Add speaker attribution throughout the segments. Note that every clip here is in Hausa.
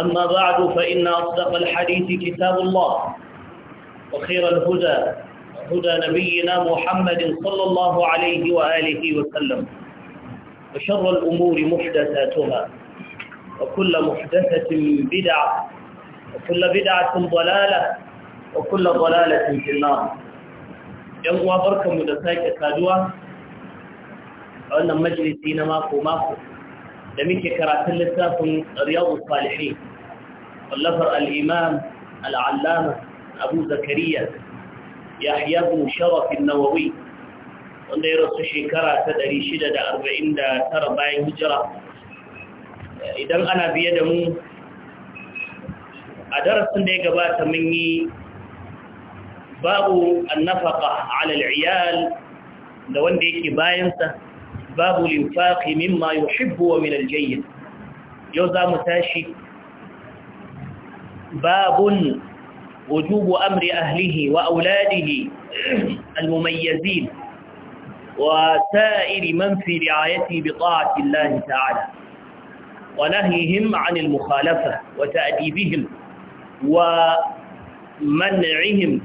Speaker 1: أما بعد فإن أصدق الحديث كتاب الله وخير الهدى هدى نبينا محمد صلى الله عليه وآله وسلم وشر الأمور محدثاتها وكل محدثة بدعة وكل بدعة ضلالة وكل ضلالة في النار يوم وبركة ذلك كادوة وأن مجلسين ماكو ماكو da muke karatun littafin riyadu salihin wallafar al'imam al'allama abu zakariya ya yabu sharafin nawawi wanda ya rasu shekara ta 649 bayan hijira idan ana biye da mu a darasin da ya gabata mun yi babu annafaka alal iyal da wanda yake bayansa باب الانفاق مما يحب ومن الجيد جوزا متاشي باب وجوب أمر أهله وأولاده المميزين وسائر من في رعايته بطاعة الله تعالى ونهيهم عن المخالفة وتأديبهم ومنعهم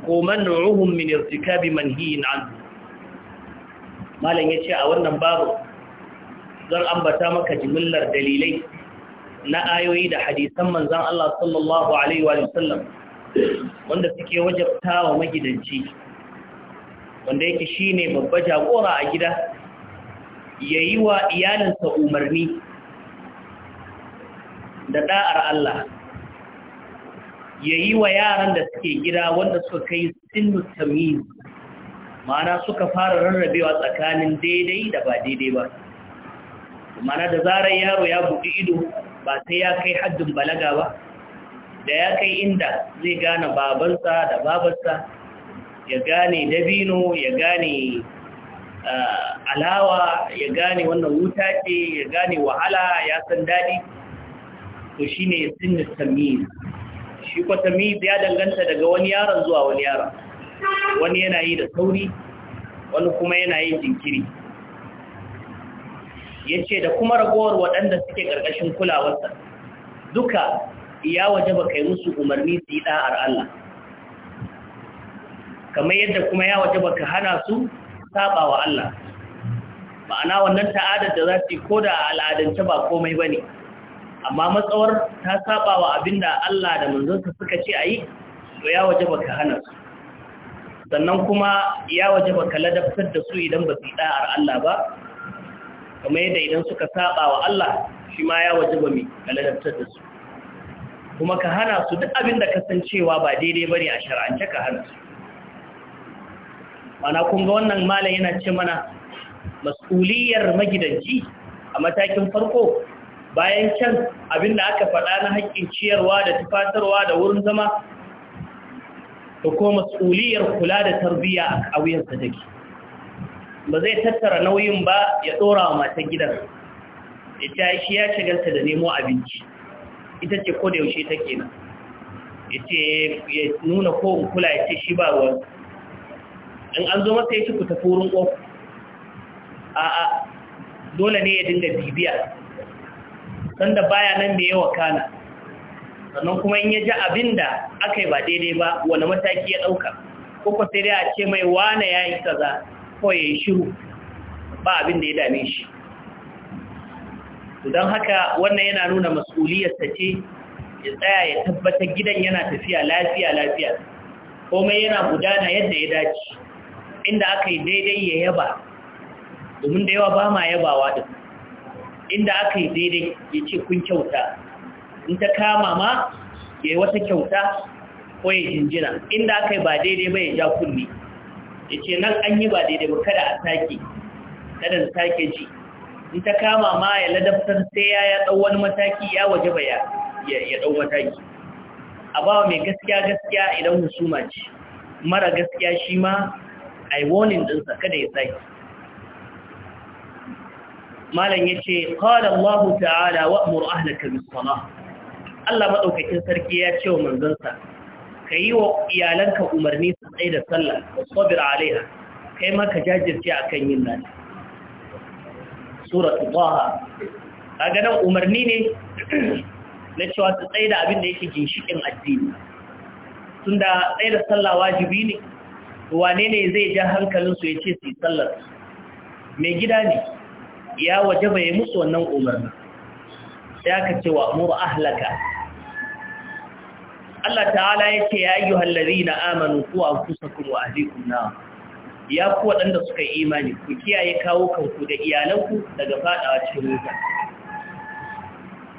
Speaker 1: ومنعهم من ارتكاب منهي عنه malam ya ce a wannan babu zan ambata maka jimillar dalilai na ayoyi da hadisan manzan Allah sallallahu Alaihi wa wanda suke wajabta wa magidanci wanda yake shi ne babba jagora a gida ya yi wa iyalinsa umarni da ɗa'ar Allah ya yi wa yaran da suke gida wanda suka kai sinu tamiz ma'ana suka fara rarrabewa tsakanin daidai da ba daidai ba ma'ana da zarar yaro ya buɗi ido ba sai ya kai haddin balaga ba da ya kai inda zai gane babansa da babarsa ya gane dabino ya gane alawa ya gane wannan wuta ce ya gane wahala ya san daɗi to shi ne tamiz shi kwa tamiz ya danganta daga wani yaron zuwa wani yaron wani yana yi da sauri wani kuma yana yin jinkiri ya ce da kuma ragowar waɗanda suke ƙarƙashin kulawarsa duka ya waje ba kai musu umarni su yi ɗa'ar Allah kamar yadda kuma ya waje ba ka hana su sabawa wa Allah ma'ana wannan ta'adar da za su yi ko da al'adance ba komai ba ne amma matsawar ta sabawa abinda abin da Allah da manzansa suka ce a yi to ya waje ba ka hana su sannan kuma ya waje ba kala daftar da su idan ba su yi da'ar Allah ba kuma yadda idan suka saba wa Allah shi ma ya waje ba mai kala daftar da su kuma ka hana su duk abin da kasancewa ba daidai bane a shara'ance ka hana su mana kun ga wannan malam yana ce mana mas'uliyar magidanci a matakin farko bayan can abin da aka faɗa na haƙƙin ciyarwa da tufatarwa da wurin zama da kuma mas'uliyar kula da tarbiyya a wuyansa take ba zai tattara nauyin ba ya dora wa matan gidan ita shi ya shagalta da nemo abinci ita ce ko da yaushe take nan ya ce ya nuna ko in kula ya ce shi ba ruwan in an zo masa ya ci ku tafi wurin ƙofu a a dole ne ya dinga bibiya sanda baya nan da yawa kana sannan kuma in ya ji abin da aka yi ba daidai ba wani mataki ya ɗauka ko sai dai a ce mai wane ya yi kaza ko ya yi shiru ba abin da ya dame shi don haka wannan yana nuna ta ce ya tsaya ya tabbatar gidan yana tafiya lafiya lafiya komai yana gudana yadda ya dace inda aka yi daidai ya yaba domin da yawa ba ma yabawa da inda aka yi daidai ya ce kun kyauta in ta kama ma ya yi wata kyauta ko ya jinjina inda aka yi ba daidai ba ya ja kulli ya ce nan an yi ba daidai ba kada a sake kada ta sake ji in ta kama ma ya ladabtar sai ya ya ɗau wani mataki ya waje ba ya ya ɗau mataki a ba mai gaskiya gaskiya idan husuma ce mara gaskiya shi ma a yi wonin ɗinsa kada ya sake malam ya ce ƙwada ta'ala wa'amur ahlaka Allah maɗaukakin sarki ya ce wa manzansa ka yi wa iyalanka umarni su tsaye da sallah da alaiha kai ma ka jajirce a kan yin nata suratu baha a ganin umarni ne na cewa su tsaye da abin da yake ginshiƙin addini tun da tsaye da sallah wajibi ne wane ne zai ja hankalinsu ya ce su yi sallar mai gida ne ya waje bai musu wannan umarni sai aka ce wa mura ahlaka Allah ta'ala yake ce ya yi hallari na amanu ko an kusa kuma a ya ku waɗanda suka yi imani ku kiyaye kawo kanku da iyalanku daga fadawa cikin wuta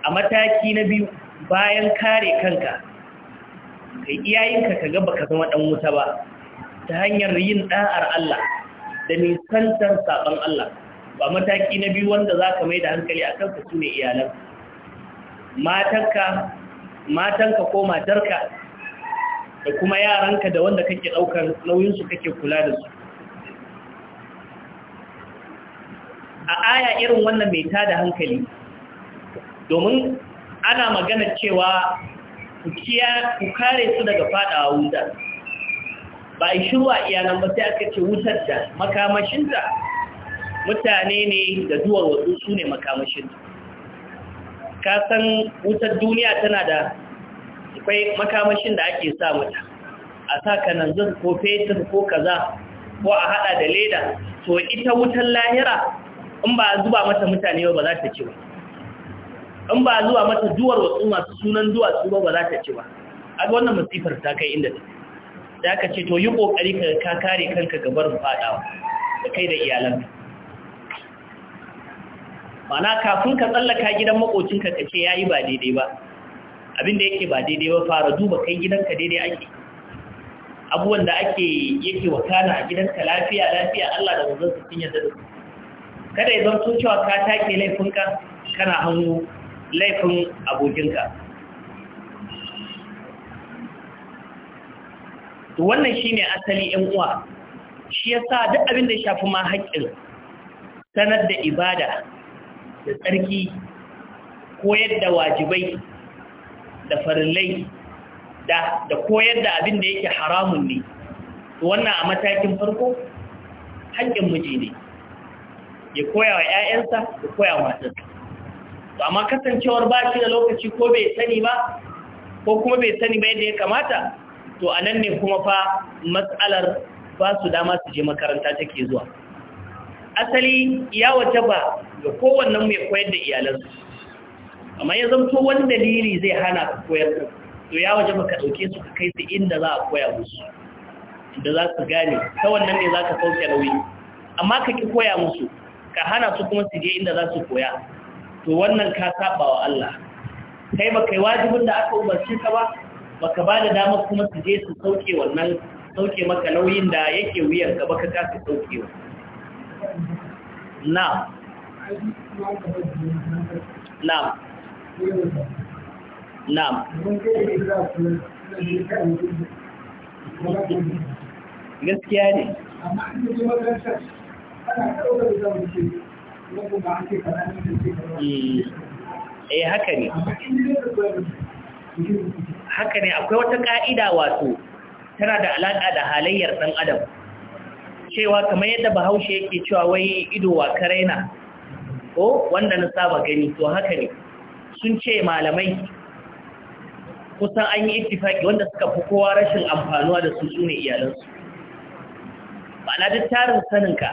Speaker 1: a mataki na biyu bayan kare kanka kai iyayenka ka ga baka zama ɗan wuta ba ta hanyar yin ɗa'ar Allah da nisantar sabon Allah ba mataki na biyu wanda zaka mai da hankali akan ka su ne iyalanka matanka matanka ko matarka da kuma yaranka da wanda kake daukar nauyinsu kake kula da su a aya irin wannan mai tada hankali domin ana magana cewa ku kare su daga fadawa wuta ba a shiru a iyanan ba sai aka ce wutar da makamashinta mutane ne da duwar wasu su ne makamashinta ka san wutar duniya tana da akwai makamashin da ake sa mata a sa kananzir ko fetur ko kaza ko a hada da leda to ita wutar lahira in ba zuba mata mutane ba za ta ci ba in ba zuwa mata duwar wasu masu sunan duwatsu ba ba za ta ci ba a wannan masifar ta kai inda ta ka ce to yi kokari ka kare kanka gabar fadawa da kai da iyalanka mana kafin ka tsallaka gidan makocinka ka ce ya yi ba daidai ba abin da yake ba daidai ba fara duba kai gidanka daidai ake abubuwan da ake yake wakana a gidanka lafiya lafiya Allah da manzon sun yadda da kada ya zan cewa ka take laifinka kana hannu laifin abokinka wannan shi ne asali 'yan uwa shi ya sa duk abin da ya shafi ma haƙƙin sanar da ibada da tsarki koyar da wajibai da farillai da koyar da abin da yake haramun ne to wannan a matakin farko haƙƙin miji ne ya koya wa 'ya'yansa ya koya matarsa to amma kasancewar ba shi da lokaci ko bai sani ba ko kuma bai sani ba yadda ya kamata to a nan ne kuma fa matsalar ba su dama su je makaranta take zuwa asali ya wata ba ga kowanne mu ya koyar da iyalansu amma ya zamto wani dalili zai hana ka koyar da to ya waje ba ka dauke su ka kai su inda za a koya musu inda za su gane ta wannan ne za ka sauke nauyi amma ka ki koya musu ka hana su kuma su je inda za su koya to wannan ka saba wa Allah kai ba kai wajibin da aka umarci ka ba baka ba da damar kuma su je su sauke wannan sauke maka nauyin da yake wuyar ka baka sauke saukewa na na na gaskiya ne eh, eh haka ne haka ne akwai wata ka'ida wato tana da alaƙa da halayyar ɗan adam cewa kamar yadda bahaushe yake cewa wai ido wa karaina ko wanda na saba gani to haka ne sun ce malamai kusan an yi ittifaki wanda suka fi kowa rashin amfanuwa da su sune iyalansu ma'ana duk tarin saninka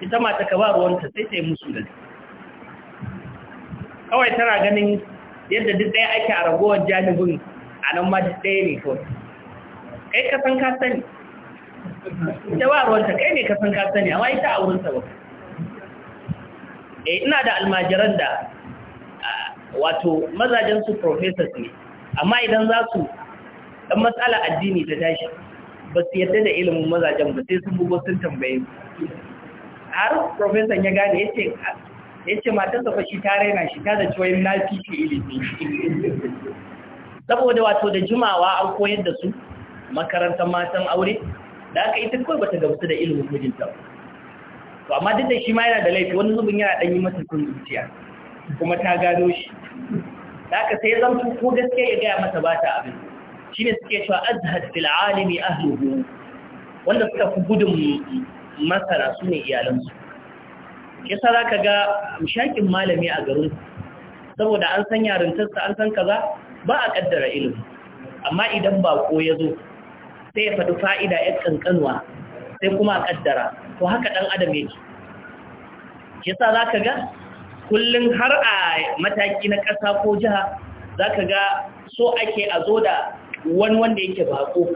Speaker 1: ita mata ka ba ruwanta sai ta yi musu da kawai tana ganin yadda duk ɗaya ake a ragowar janibin a nan ma duk ɗaya ne kawai kai ka san ka sani ita ba ruwanta kai ne kasan ka sani amma ita a wurinta ba eh ina da almajiran da wato mazajen su professors ne amma idan za su ɗan matsala addini ta tashi ba su yadda da ilimin mazajen ba sai sun bugo sun tambaye har professor ya gane yace yace matarsa fa shi ta raina shi ta da ciwayin lafi shi ilimi saboda wato da jimawa an koyar da su makarantar matan aure da aka ita kawai bata gamsu da ilimin mijinta to amma duk da shi ma yana da laifi wani zubin yana ɗan yi masa sun zuciya kuma ta gano shi da aka sai zamtu ko gaske ya gaya masa ba ta abin shi ne suke cewa azhad fil alimi ahluhu wanda suka fi gudun masara su ne iyalansu kisa za ka ga shakin malami a garin saboda an san yarintarsa an san kaza ba a kaddara ilimi amma idan ba ko ya zo sai ya faɗi fa'ida ya ƙanƙanwa sai kuma a ƙaddara to haka ɗan adam yake yasa za ka ga kullum har a mataki na ƙasa ko jiha za ka ga so ake a zo da wani wanda yake bako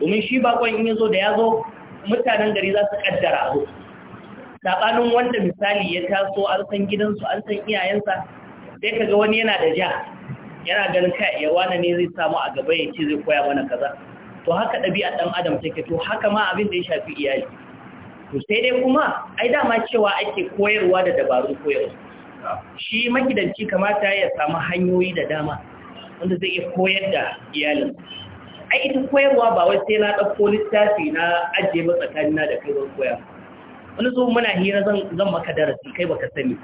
Speaker 1: domin shi bakon in ya zo da ya zo mutanen gari za su ƙaddara a zo saɓanin wanda misali ya taso an san gidansu an san iyayensa sai ka ga wani yana da ja yana ganin kai ya ne zai samu a gaba ya ce zai koya mana kaza to haka ɗabi'a ɗan adam take to haka ma abin da ya shafi iyali to sai dai kuma ai dama cewa ake koyarwa da dabarun koyarwa shi magidanci kamata ya samu hanyoyi da dama wanda zai iya koyar da iyalin ai ita koyarwa ba wai sai na ɗauko littafi na ajiye ba tsakanina da kai koya wani zo muna hira zan maka darasi kai baka sani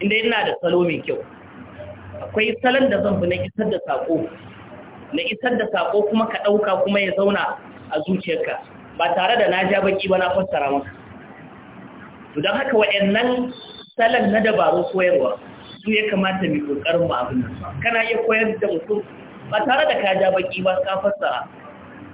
Speaker 1: inda ina da salo mai kyau akwai salon da zan fi na isar da sako na isar da sako kuma ka ɗauka kuma ya zauna a zuciyarka ba tare da na ja baki ba na fassara maka to don haka waɗannan salon na dabaru koyarwa su ya kamata mai ƙoƙarin ba abin nan kana iya koyar da mutum ba tare da ka ja baki ba ka fassara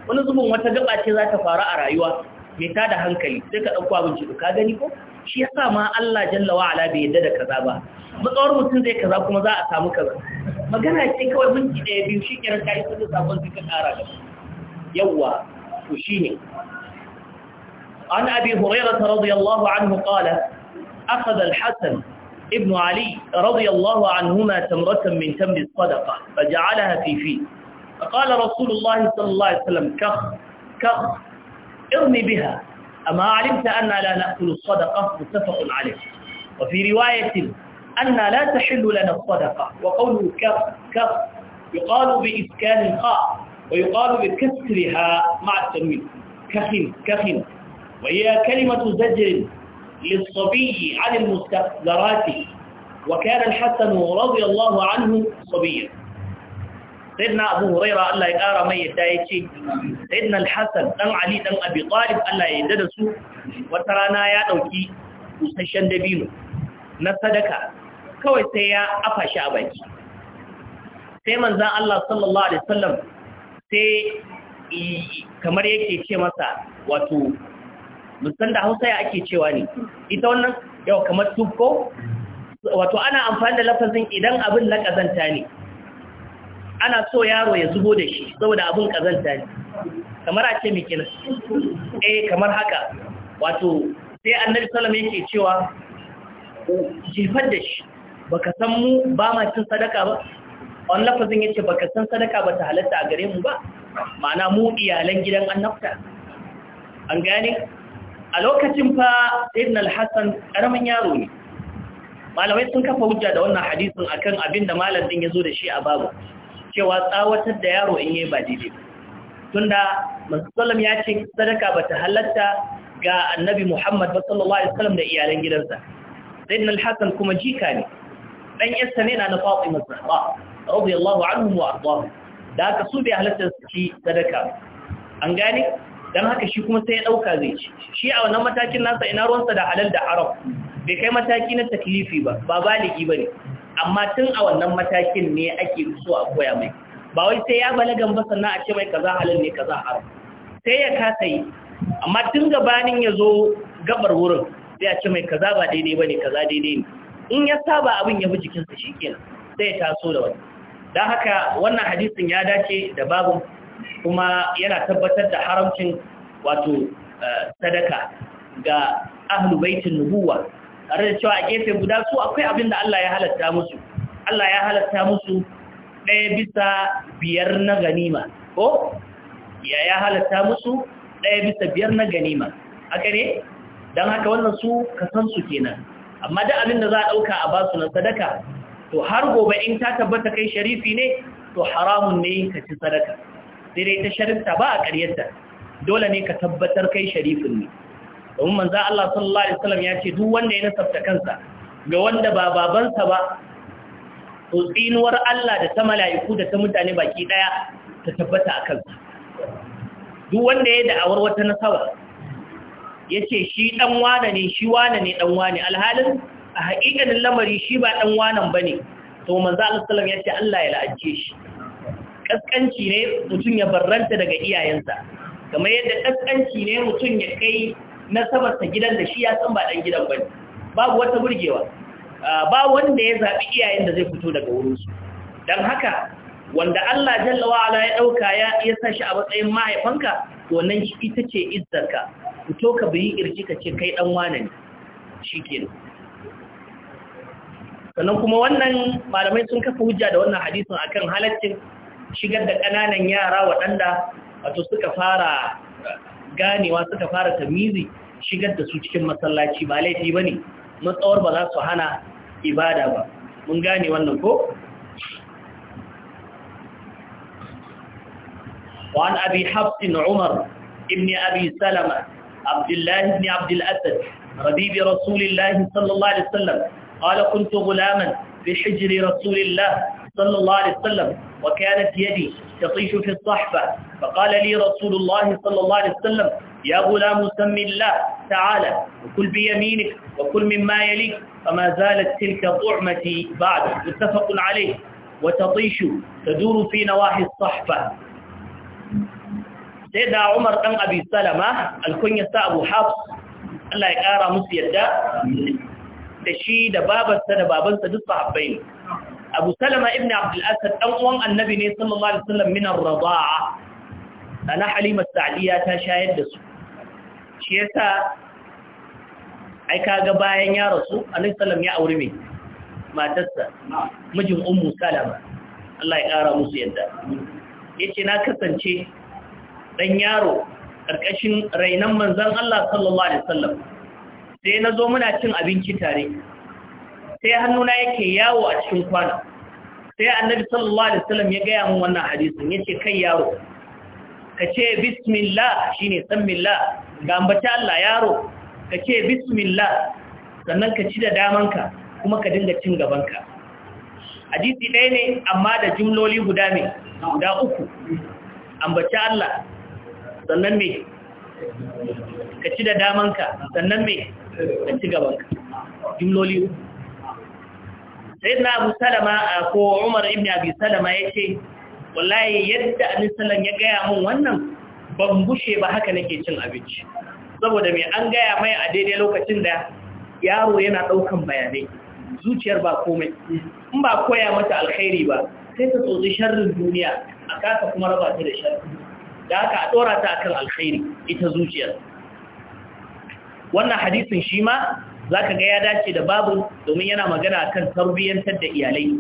Speaker 1: wani zubin wata gaba ce za ta faru a rayuwa mai ta da hankali sai ka ɗauko abinci ka gani ko shi ya sa ma Allah jalla wa'ala bai yadda da kaza ba matsawar mutum zai kaza kuma za a samu kaza magana ce kawai minti ɗaya biyu shi kiran kayi sun da sabon suka ƙara da yawa to shi ne an abi hurairah radiyallahu anhu qala akhadha al-hasan ابن علي رضي الله عنهما تمرة من تمر الصدقة فجعلها في فيه فقال رسول الله صلى الله عليه وسلم كخ كخ ارمي بها أما علمت أن لا نأكل الصدقة متفق عليه وفي رواية أن لا تحل لنا الصدقة وقوله كف كف يقال بإسكان الخاء ويقال بكسرها مع التنوين كخن كخن وهي كلمة زجر للصبي عن المستقدرات وكان الحسن رضي الله عنه صبيا سيدنا أبو هريرة الله يقارى ما يتايتي سيدنا الحسن أم علي أم أبي طالب الله يددسه وترانا يا أوكي مسشن دبينو نصدك kawai sai ya afa shi a baki sai manzan Allah sallallahu alaihi wasallam sai kamar yake ce masa wato musan da Hausa ya ake cewa ne ita wannan yau kamar tufko wato ana amfani da lafazin idan abin na kazanta ne ana so yaro ya zubo da shi saboda abin kazanta ne kamar a ce mikin eh kamar haka wato sai annabi sallallahu alaihi wasallam yake cewa jifar da shi baka san mu ba ma cin sadaka ba wani lafazin yace baka san sadaka ba ta halatta a gare mu ba ma'ana mu iyalan gidan annabta an gane a lokacin fa ibn al-hasan karamin yaro ne malamai sun kafa hujja da wannan hadisin akan abin da malam din yazo da shi a babu cewa tsawatar da yaro in yayi ba dide tunda musallam ya ce sadaka ba ta halatta ga annabi Muhammad sallallahu alaihi wasallam da iyalan gidansa sayyidina al-hasan kuma jika ne dan yasta ne na Fatima Zahra radiyallahu anhu wa ardahu da aka su bai halatta su ci sadaka an gane dan haka shi kuma sai ya dauka zai ci shi a wannan matakin nasa ina ruwansa da halal da haram bai kai mataki na taklifi ba ba baligi bane amma tun a wannan matakin ne ake so a koya mai ba wai sai ya balagan ba sannan a ce mai kaza halal ne kaza haram sai ya kasa yi amma tun gabanin ya zo gabar wurin sai a ce mai kaza ba daidai bane kaza daidai ne in ya saba abin ya bi jikinsa shi kenan sai ya taso da wani don haka wannan hadisin ya dace da babu kuma yana tabbatar da haramcin wato eh, sadaka ga ahlubaitin baitin nubuwa tare da cewa a gefe guda su akwai abin da Allah ya halatta musu Allah ya halatta musu ɗaya bisa biyar na ganima ko ya ya halatta musu ɗaya bisa biyar na ganima haka ne don haka wannan su kasansu kenan amma da abin da za a ɗauka a basu na sadaka to har gobe in ta tabbata kai sharifi ne to haramun ne ka ci sadaka sai dai ta sharifta ba a ƙaryarta dole ne ka tabbatar kai sharifin ne domin manzo Allah sallallahu alaihi wasallam ya ce duk wanda ya nasabta kansa ga wanda ba babansa ba to tsinuwar Allah da ta mala'iku da ta mutane baki daya ta tabbata a kansa duk wanda ya da'awar wata nasaba ya ce shi ɗanwana wane ne shi wane ne ɗan alhalin a haƙiƙanin lamari shi ba ɗan ba ne to manza alasalam ya ce Allah ya la'ance shi ƙasƙanci ne mutum ya barranta daga iyayensa kamar yadda ƙasƙanci ne mutum ya kai nasabarsa gidan da shi ya san ba ɗan gidan ba ne babu wata burgewa ba wanda ya zaɓi iyayen da zai fito daga wurinsu don haka wanda Allah jalla wa ala ya dauka ya ya shi a matsayin mahaifanka to nan shi ita ce izzarka fito ka bi irji ka ce kai dan wane ne shikenan sannan kuma wannan malamai sun kafa hujja da wannan hadisin akan halaccin shigar da ƙananan yara waɗanda wato suka fara ganewa suka fara tamizi shigar da su cikin masallaci ba laifi bane ne matsawar ba za su hana ibada ba mun gane wannan ko وعن أبي حفص عمر ابن أبي سلمة عبد الله بن عبد الأسد رديب رسول الله صلى الله عليه وسلم قال كنت غلاما في حجر رسول الله صلى الله عليه وسلم وكانت يدي تطيش في الصحفة فقال لي رسول الله صلى الله عليه وسلم يا غلام سم الله تعالى وكل بيمينك وكل مما يليك فما زالت تلك طعمتي بعد متفق عليه وتطيش تدور في نواحي الصحفة sai da umar ɗan abi salama alkunyarsa abu hafs Allah ya ƙara musu yadda da shi da babarsa da babansa duk sahabbai ne abu salama ibn abdulasar ɗan uwan annabi ne sallallahu alaihi wasallam minar raba'a ana halima sa'diya ta shayar da su shi ya sa ai kaga bayan ya rasu alaihi salam ya aure mai matarsa mijin ummu salama Allah ya ƙara musu yadda yace na kasance ɗan yaro ƙarƙashin rainon manzan Allah sallallahu Alaihi wasallam sai na zo muna cin abinci tare sai hannuna yake yawo a cikin kwana sai annabi sallallahu Alaihi wasallam ya gaya mun wannan hadisun ya ce kai yaro ka ce bismillah shi ne sammillah ga ambata Allah yaro ka ce bismillah sannan ka ci da damanka kuma ka dinga cin gabanka hadisi ɗaya ne amma da jimloli guda ne guda uku ambaci Allah sannan me ka ci da damanka sannan me ka ci gabanka jimloli sai na abu salama ko umar ibn abu salama ya ce wallahi yadda Salam ya gaya mun wannan ban bushe ba haka nake cin abinci saboda mai an gaya mai a daidai lokacin da yaro yana ɗaukan bayanai zuciyar ba komai in ba koya mata alkhairi ba sai ta tsotsi sharrin duniya a kasa kuma raba ta da sharrin da haka a dora ta akan alkhairi ita zuciyar wannan hadisin shi ma zaka ga ya dace da babu domin yana magana a kan tarbiyyantar da iyalai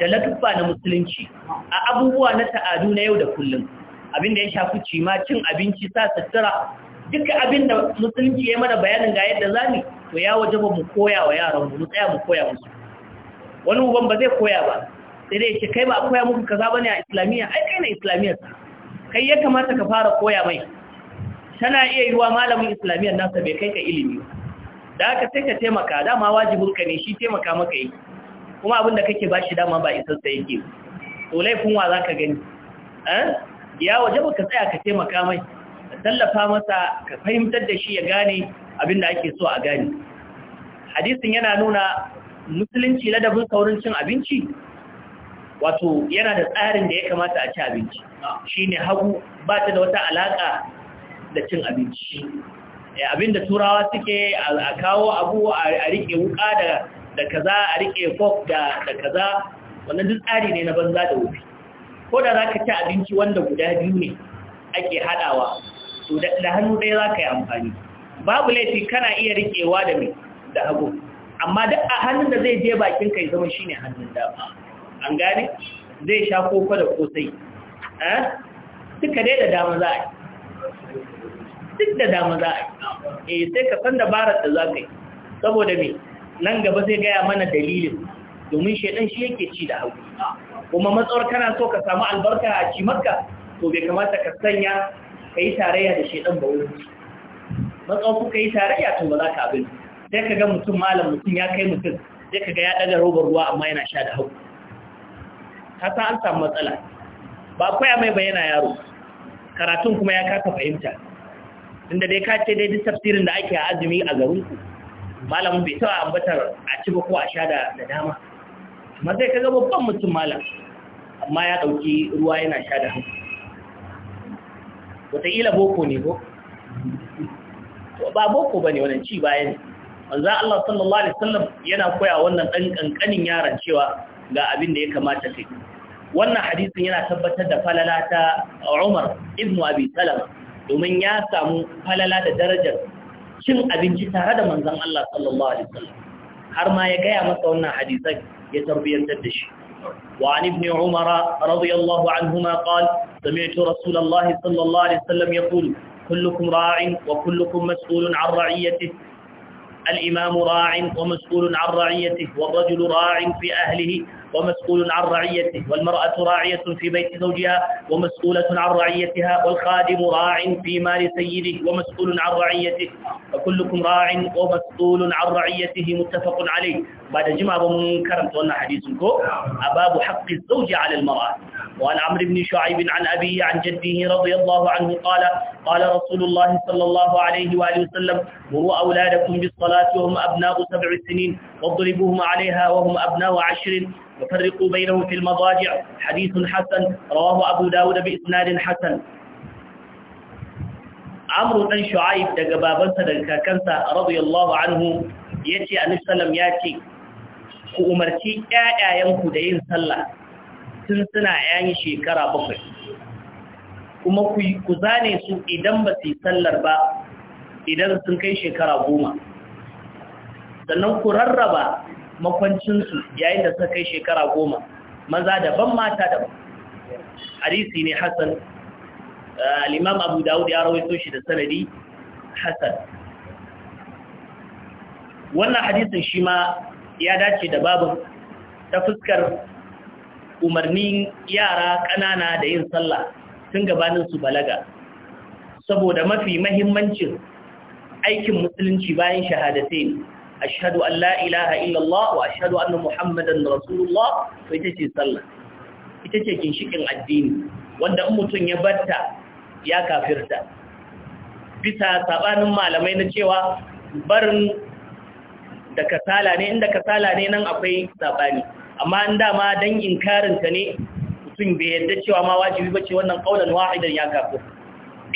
Speaker 1: da tuffa na musulunci a abubuwa na ta'adu na yau da kullum abinda ya shafi cima cin abinci sa sutura duka abinda musulunci ya mana bayanin ga yadda zamu to ya wajaba mu koya wa yaran mu tsaya mu koya musu wani uban ba zai koya ba sai dai ce kai ba a koya muku kaza bane a islamiyya ai kai na islamiyya. kai ya kamata ka fara koya mai tana iya yiwa malamin islamiyyar nasa bai kai ka ilimi da aka sai ka taimaka dama wajibin ka ne shi taimaka maka yi kuma abin da kake bashi dama ba isar sai yake to laifin wa zaka gani eh? ya waje ka tsaya ka taimaka mai ka tallafa masa ka fahimtar da shi ya gane abin da ake so a gane hadisin yana nuna musulunci ladabin saurin cin abinci wato yana da tsarin da ya kamata a ci abinci shi ne hagu ba ta da wata alaƙa da cin abinci eh, abinda turawa suke a kawo abu a riƙe wuka da kaza a riƙe fok da kaza wannan duk tsari ne na banza da wufi ko da za ka ci abinci wanda guda biyu ne ake haɗawa to da hannu ɗaya za ka yi amfani babu laifi kana iya riƙewa da mai da hagu amma duk a hannun da zai je bakin kai zama shine hannun dama an gane zai sha koko da kosai Suka eh? dai da dama za a yi duk da dama za a yi eh sai ka san dabarar da za ka yi saboda me nan gaba zai gaya mana dalilin domin shaidan shi yake ci da hau kuma matsawar kana so ka samu albarka a cimarka to bai kamata ka sanya ka yi tarayya da shaidan ba wuri matsawar ka yi tarayya to ba za ka abin sai ka ga mutum malam mutum ya kai mutum sai ka ga ya daga robar ruwa amma yana sha da hau ka san an samu matsala ba kwaya mai bayyana yaro karatun kuma ya kasa fahimta inda dai ka ce dai duk tafsirin da ake azumi a garinku Malam bai tawa ambatar a ci ba ko a sha da dama amma sai kaga babban mutum malam amma ya dauki ruwa yana sha da hannu wataƙila boko ne ko ba boko ba ne wannan ci bayan. ne wanzan Allah sallallahu Alaihi wasallam yana koya wannan ɗan ƙanƙanin yaran cewa ga abin da ya kamata kai wannan hadisin yana tabbatar da falala ta Umar ibn Abi domin ya samu falala da darajar cin abinci tare da manzon Allah sallallahu alaihi wasallam har ma ya gaya masa wannan hadisan ya tarbiyantar da shi وعن ابن عمر رضي الله عنهما قال سمعت رسول الله صلى الله عليه وسلم يقول كلكم راع وكلكم مسؤول عن رعيته الإمام راع ومسؤول عن رعيته والرجل راع في أهله ومسؤول عن رعيته والمرأة راعية في بيت زوجها ومسؤولة عن رعيتها والخادم راع في مال سيده ومسؤول عن رعيته وكلكم راع ومسؤول عن رعيته متفق عليه بعد جمع من كرمت حديثكم أباب حق الزوج على المرأة وعن عمرو بن شعيب عن أبيه عن جده رضي الله عنه قال قال رسول الله صلى الله عليه وآله وسلم مروا أولادكم بالصلاة وهم أبناء سبع سنين واضربوهم عليها وهم أبناء عشر وفرقوا بينهم في المضاجع حديث حسن رواه أبو داود بإسناد حسن عمرو بن شعيب daga babansa daga kakansa radiyallahu anhu يأتي annabi sallam yace ku umarci ƴaƴayenku da yin sallah tun suna ‘yan shekara bakwai kuma ku zane su idan ba su yi sallar ba idan sun kai shekara goma sannan ku rarraba makwancinsu yayin da sun kai shekara goma maza daban mata daban hadisi ne hassan uh, al'imam abu dawud ya rawaito shi da sanadi hassan wannan hadisin shi ma ya dace da babu ta fuskar umarnin yara ƙanana da yin sallah tun gabanin su balaga saboda mafi mahimmancin aikin musulunci bayan shahadatai ashhadu an la ilaha illallah wa ashhadu anna muhammadan rasulullah to ita ce sallah ita ce ginshikin addini wanda in mutum ya batta ya kafirta bisa sabanin malamai na cewa barin da kasala ne inda kasala ne nan akwai sabani amma an dama in inkarinta ne mutum bai yadda cewa ma wajibi bace wannan kaulan wa'idar ya kafu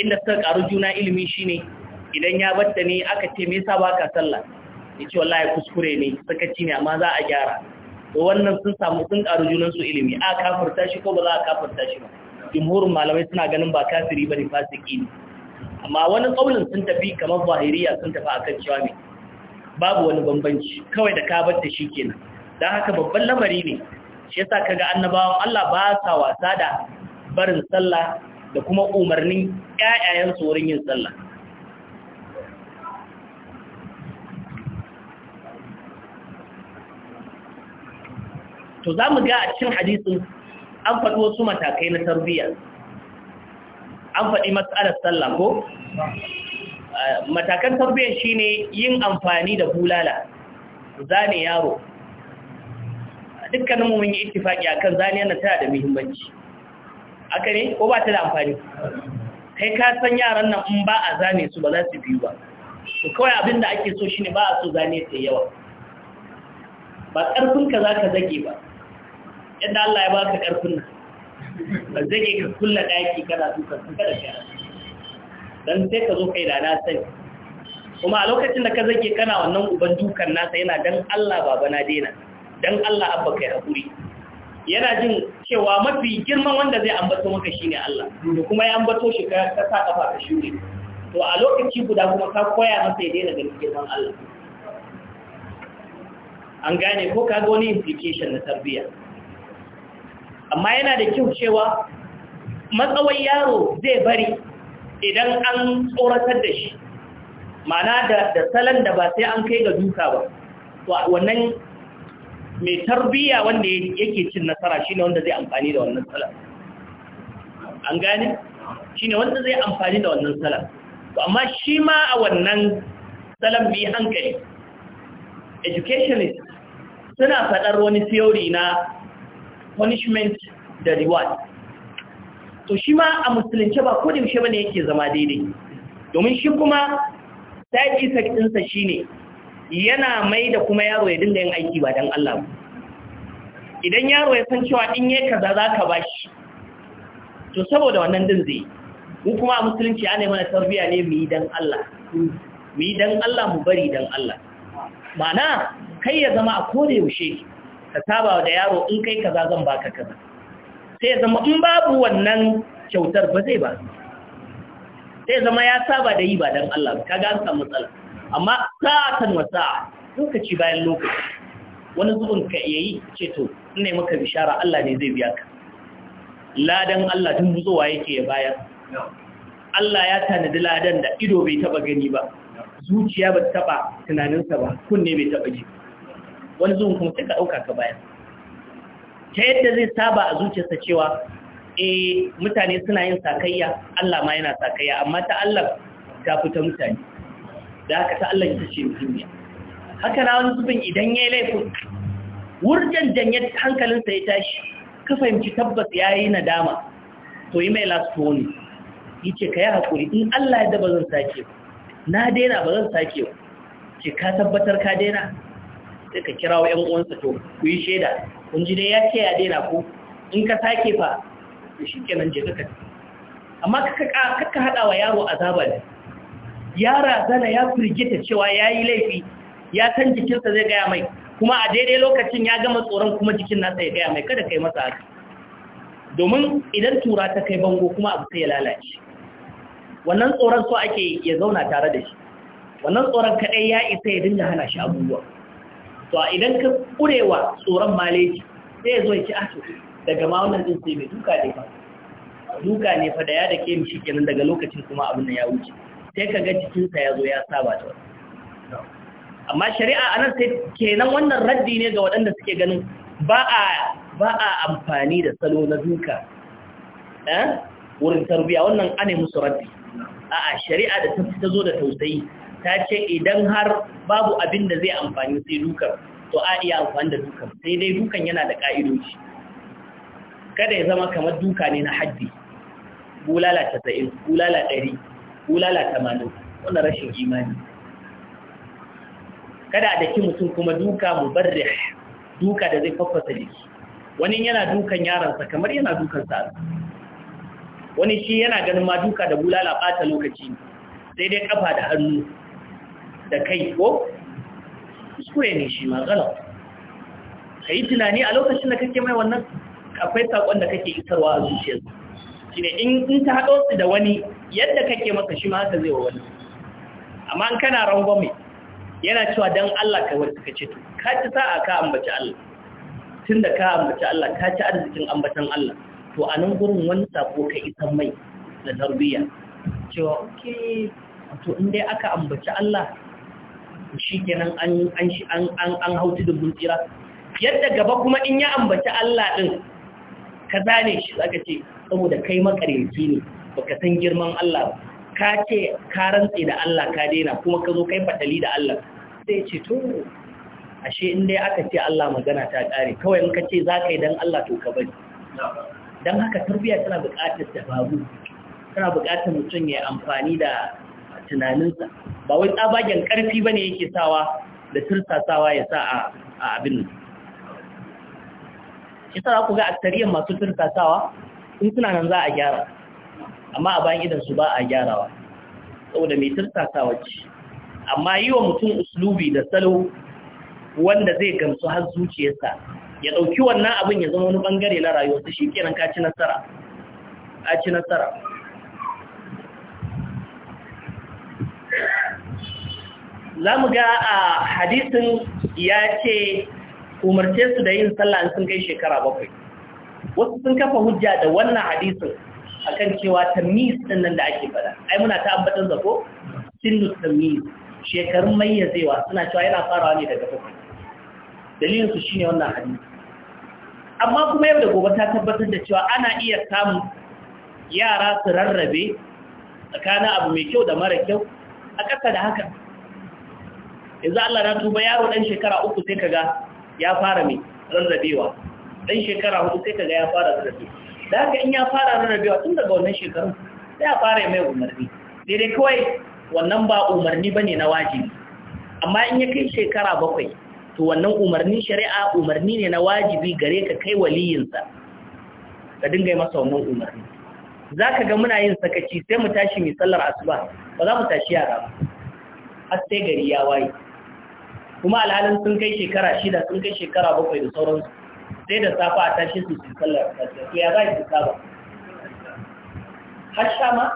Speaker 1: inda suka karu juna ilimi shine idan ya batta ne aka ce me yasa baka sallah yace wallahi kuskure ne sakaci ne amma za a gyara to wannan sun samu sun karu junan su ilimi a kafurta shi ko ba za a kafurta shi ba jimhurin malamai suna ganin ba kafiri ne fasiki ne amma wani tsaunin sun tafi kamar zahiriya sun tafi akan cewa ne babu wani bambanci kawai da ka batta kenan don haka babban lamari ne shi yasa kaga annabawan Allah ba sa wasa da barin sallah da kuma umarnin ƴaƴayen su wurin yin sallah to za ga a cikin hadisin an faɗi wasu matakai na tarbiyya an faɗi matsalar sallah ko eh, matakan tarbiyya shine yin amfani da bulala zane yaro dukkanin mu mun yi ittifaki akan zaniya na tana da muhimmanci aka ne ko ba ta da amfani kai ka san yaran nan in ba a zane su ba za su biyu ba to kawai abin da ake so shine ba a so zane ta yawa ba karfin ka zaka zage ba yadda Allah ya baka karfin nan ba zage ka kulla daki kana dukan su da shi dan sai ka zo kai da na sai kuma a lokacin da ka zage kana wannan uban dukan nasa yana dan Allah baba na daina dan Allah abba kai hakuri yana jin cewa mafi girman wanda zai ambato maka shine Allah da kuma ya ambato shi ka sa kafa ka shure to a lokaci guda kuma ka koya masa ya daina ganin girman Allah an gane ko kaga wani implication na tarbiyya amma yana da kyau cewa matsawai yaro zai bari idan an tsoratar da shi ma'ana da salon da ba sai an kai ga duka ba wannan mai tarbiyya wanda yake cin nasara shine wanda zai amfani da wannan salar an gane ne wanda zai amfani da wannan salar to amma shi ma a wannan salar bi hankali educationist suna faɗar wani theory na punishment da reward to shi ma a musulunce ba kodin shi ba ne yake zama daidai domin shi kuma side effect ɗinsa ne. yana mai da kuma yaro ya dinga yin aiki ba don Allah ba idan yaro ya san cewa in yi kaza za ka ba shi to saboda wannan din zai mu kuma a musulunci ana mana tarbiya ne mu yi don Allah mu yi don Allah mu bari don Allah mana kai ya zama a kore yaushe ka saba da yaro in kai kaza zan baka kaza sai ya zama in babu wannan kyautar ba zai ba sai zama ya saba da yi ba don Allah kaga an samu matsala amma sa'atan wa ka lokaci bayan lokaci wani zubin ka yayi ce to ina maka bishara Allah ne zai biya ka ladan Allah tun zuwa yake ya baya. Allah ya tanadi ladan da ido bai taba gani ba zuciya ba taba tunaninsa ba kunne bai taba ji wani zuwan kuma sai ka dauka ka bayar ta yadda zai saba a zuciyarsa cewa eh mutane suna yin sakayya Allah ma yana sakayya amma ta Allah ta fita mutane da haka ta Allah ita ce muhimmiya haka na wani zubin idan ya yi laifin wurjan janye hankalinsa ya tashi ka fahimci tabbas ya yi nadama to yi mai last warning yi ce ka yi haƙuri in Allah ya daba zan sake ba na daina ba zan sake ba ce ka tabbatar ka daina sai ka kira wa 'yan uwansa to ku yi shaida kun ji dai ya ce ya daina ko in ka sake fa to shi kenan je ka amma kaka haɗa wa yaro azaba ne ya razana ya firgita cewa ya yi laifi ya san jikinsa zai gaya mai kuma a daidai lokacin ya gama tsoron kuma jikin nasa ya gaya mai kada ka kai masa haka domin idan tura ta kai bango kuma abu sai ya lalace wannan tsoron so ake ya zauna tare da shi wannan tsoron kaɗai ya isa ya dinga hana shi abubuwa to idan ka kurewa tsoron maleji sai ya zo ya ci asu ah, daga ma wannan din sai mai duka ne fa duka ne fa da ya da ke mishi kenan daga lokacin kuma abin da ya wuce sai ka ga cikinsa ya zo ya saba da wani amma shari'a anan sai kenan wannan raddi ne ga waɗanda suke ganin ba a amfani da salo na duka eh, wurin tarbiya wannan ane musu raddi a'a shari'a da ta zo da tausayi ta ce idan har babu abin da zai amfani sai dukan to a iya amfani da dukan sai dai dukan yana da ƙa'idoji. kada ya zama kamar duka ne na haddi bulala 90 bulala 100 ku lalata duka wannan rashin imani kada a daki mutum kuma duka mu barri duka da zai faffasa jiki wani yana dukan yaransa kamar yana dukan sa wani shi yana ganin ma duka da bulala bata lokaci sai dai kafa da hannu da kai ko kuskure ne shi ma galau kai tunani a lokacin da kake mai wannan akwai sakon da kake isarwa a zuciyarsa shine in in ta haɗo su da wani yadda kake masa shi ma haka zai wa wani amma an kana rangwame yana cewa don Allah ka warka ka ce to ka ci sa'a ka ambaci Allah tun da ka ambaci Allah ka ci arzikin ambatan Allah to a nan gurin wani sako ka isan mai da tarbiyya cewa oke to in dai aka ambaci Allah shi kenan an an an hauti da tsira yadda gaba kuma in ya ambaci Allah din ka zane shi zaka ce saboda kai makaryaci ne baka san girman Allah ka ce ka rantse da Allah ka daina kuma ka zo kai fatali da Allah sai ce to ashe in dai aka ce Allah magana ta kare kawai in ka ce za ka yi dan Allah to ka bari dan haka tarbiyya tana buƙatar dabaru tana buƙatar mutum ya amfani da tunaninsa ba wai tsabagen ƙarfi bane yake sawa da tursasawa ya sa a abin shi sa ku ga aktariyar masu tursasawa in suna nan za a gyara amma a bayan idan su ba a gyarawa saboda mai turtasawa ce amma yi wa mutum uslubi da salo wanda zai gamsu har zuciyarsa ya ɗauki wannan abin ya zama wani ɓangare na rayuwarsa shi kenan ka ci nasara a ci nasara za ga a hadisin ya ce umarce su da yin sallah sun kai shekara bakwai wasu sun kafa hujja da wannan hadisin akan cewa tamis din nan da ake fada ai muna ta ambatan zako sinu tamis shekarun mayyazewa suna cewa yana farawa ne daga bakwai dalilin su shine wannan hadisi amma kuma yau da gobe ta tabbatar da cewa ana iya samun yara su rarrabe tsakanin abu mai kyau da mara kyau a ƙasa da haka yanzu Allah na tuba yaro ɗan shekara uku sai kaga ya fara mai rarrabewa ɗan shekara hudu sai kaga ya fara rarrabewa da haka in ya fara biyu tun daga wannan shekarun sai a fara mai umarni Daidai kawai wannan ba umarni ba ne na wajibi amma in ya kai shekara bakwai to wannan umarnin shari'a umarni ne na wajibi gare ka kai waliyinsa ka dinga yi masa wannan umarni za ka ga muna yin sakaci sai mu tashi mai sallar asuba ba za mu tashi yara ba har sai gari ya waye kuma alhalin sun kai shekara shida sun kai shekara bakwai da sauransu sai da safa a tashi su su sallar to ya za su saba har sha ma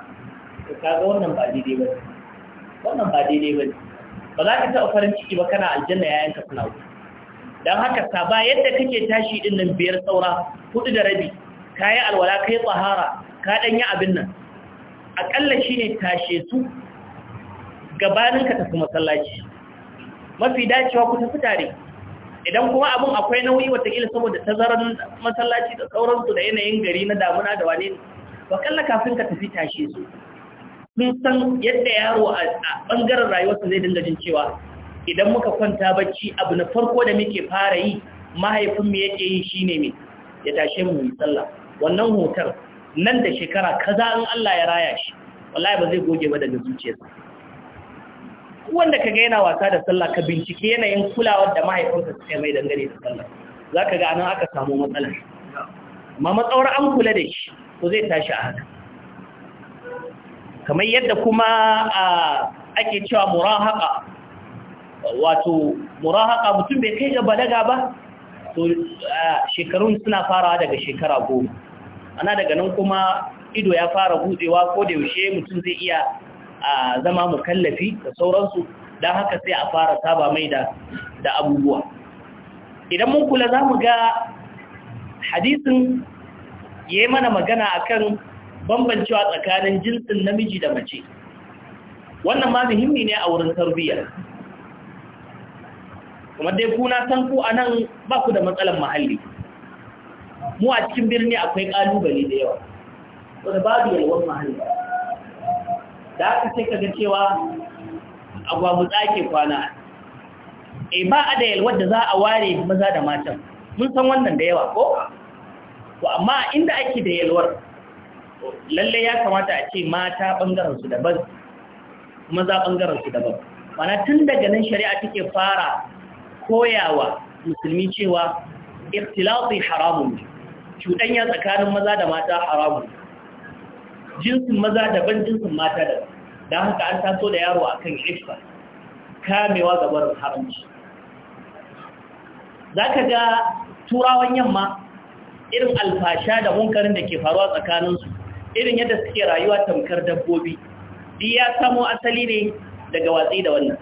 Speaker 1: to kaga wannan ba daidai ba wannan ba daidai ba ba za ka taɓa farin ciki ba kana aljanna yayin ka suna wuce don haka saba yadda kake tashi din nan biyar saura hudu da rabi ka yi alwala ka yi tsahara ka ɗan yi abin nan aƙalla shi ne tashe su gabanin ka tafi masallaci mafi dacewa ku tafi tare idan kuma abin akwai nauyi watakila saboda tazarar masallaci da sauransu da yanayin gari na damuna da wane wakalla kafin ka tafi tashe su sun san yadda yaro a bangaren rayuwarsa zai dinga jin cewa idan muka kwanta bacci abu na farko da muke fara yi mahaifinmu yake yi shi ne mai ya tashe mu yi sallah wannan hotar nan da shekara kaza in Allah ya raya shi wallahi ba zai goge ba daga zuciyarsa wanda kaga yana wasa da sallah ka bincike yanayin kulawa da mahaifinsa suka mai dangane da sallah zaka ga anan aka samu matsala amma matsawar an kula da shi ko zai tashi a haka kamar yadda kuma ake cewa murahaka wato murahaka mutum bai kai ga balaga ba to shekarun suna farawa daga shekara goma ana daga nan kuma ido ya fara gudewa ko da yaushe mutum zai iya a zama mukallafi da sauransu don haka sai a fara saba mai da abubuwa idan mun kula za mu ga hadisin ya mana magana akan bambancewa tsakanin jinsin namiji da mace wannan ma muhimmi ne a wurin tarbiyya kuma dai kuna san ku a nan ba ku da matsalan mahalli mu a cikin birni akwai ƙalubale da yawa wanda babu yalwar mahalli da aka ka kaga cewa agwamu tsake kwana e ba a da yalwar da za a ware maza da matan mun san wannan da yawa ko Ko amma inda ake da yalwar lalle ya kamata a ce mata bangaren su daban maza bangaren su daban mana tun daga nan shari'a take fara koyawa musulmi cewa ikhtilafi haramun cuɗanya tsakanin maza da mata haramun jinsin maza daban jinsin mata da don haka an taso da yaro a kan ishfa kamewa gabar haramci za ka ga turawan yamma irin alfasha da munkarin da ke faruwa tsakaninsu irin yadda suke rayuwa tamkar dabbobi ɗi ya samo asali ne daga watsi da wannan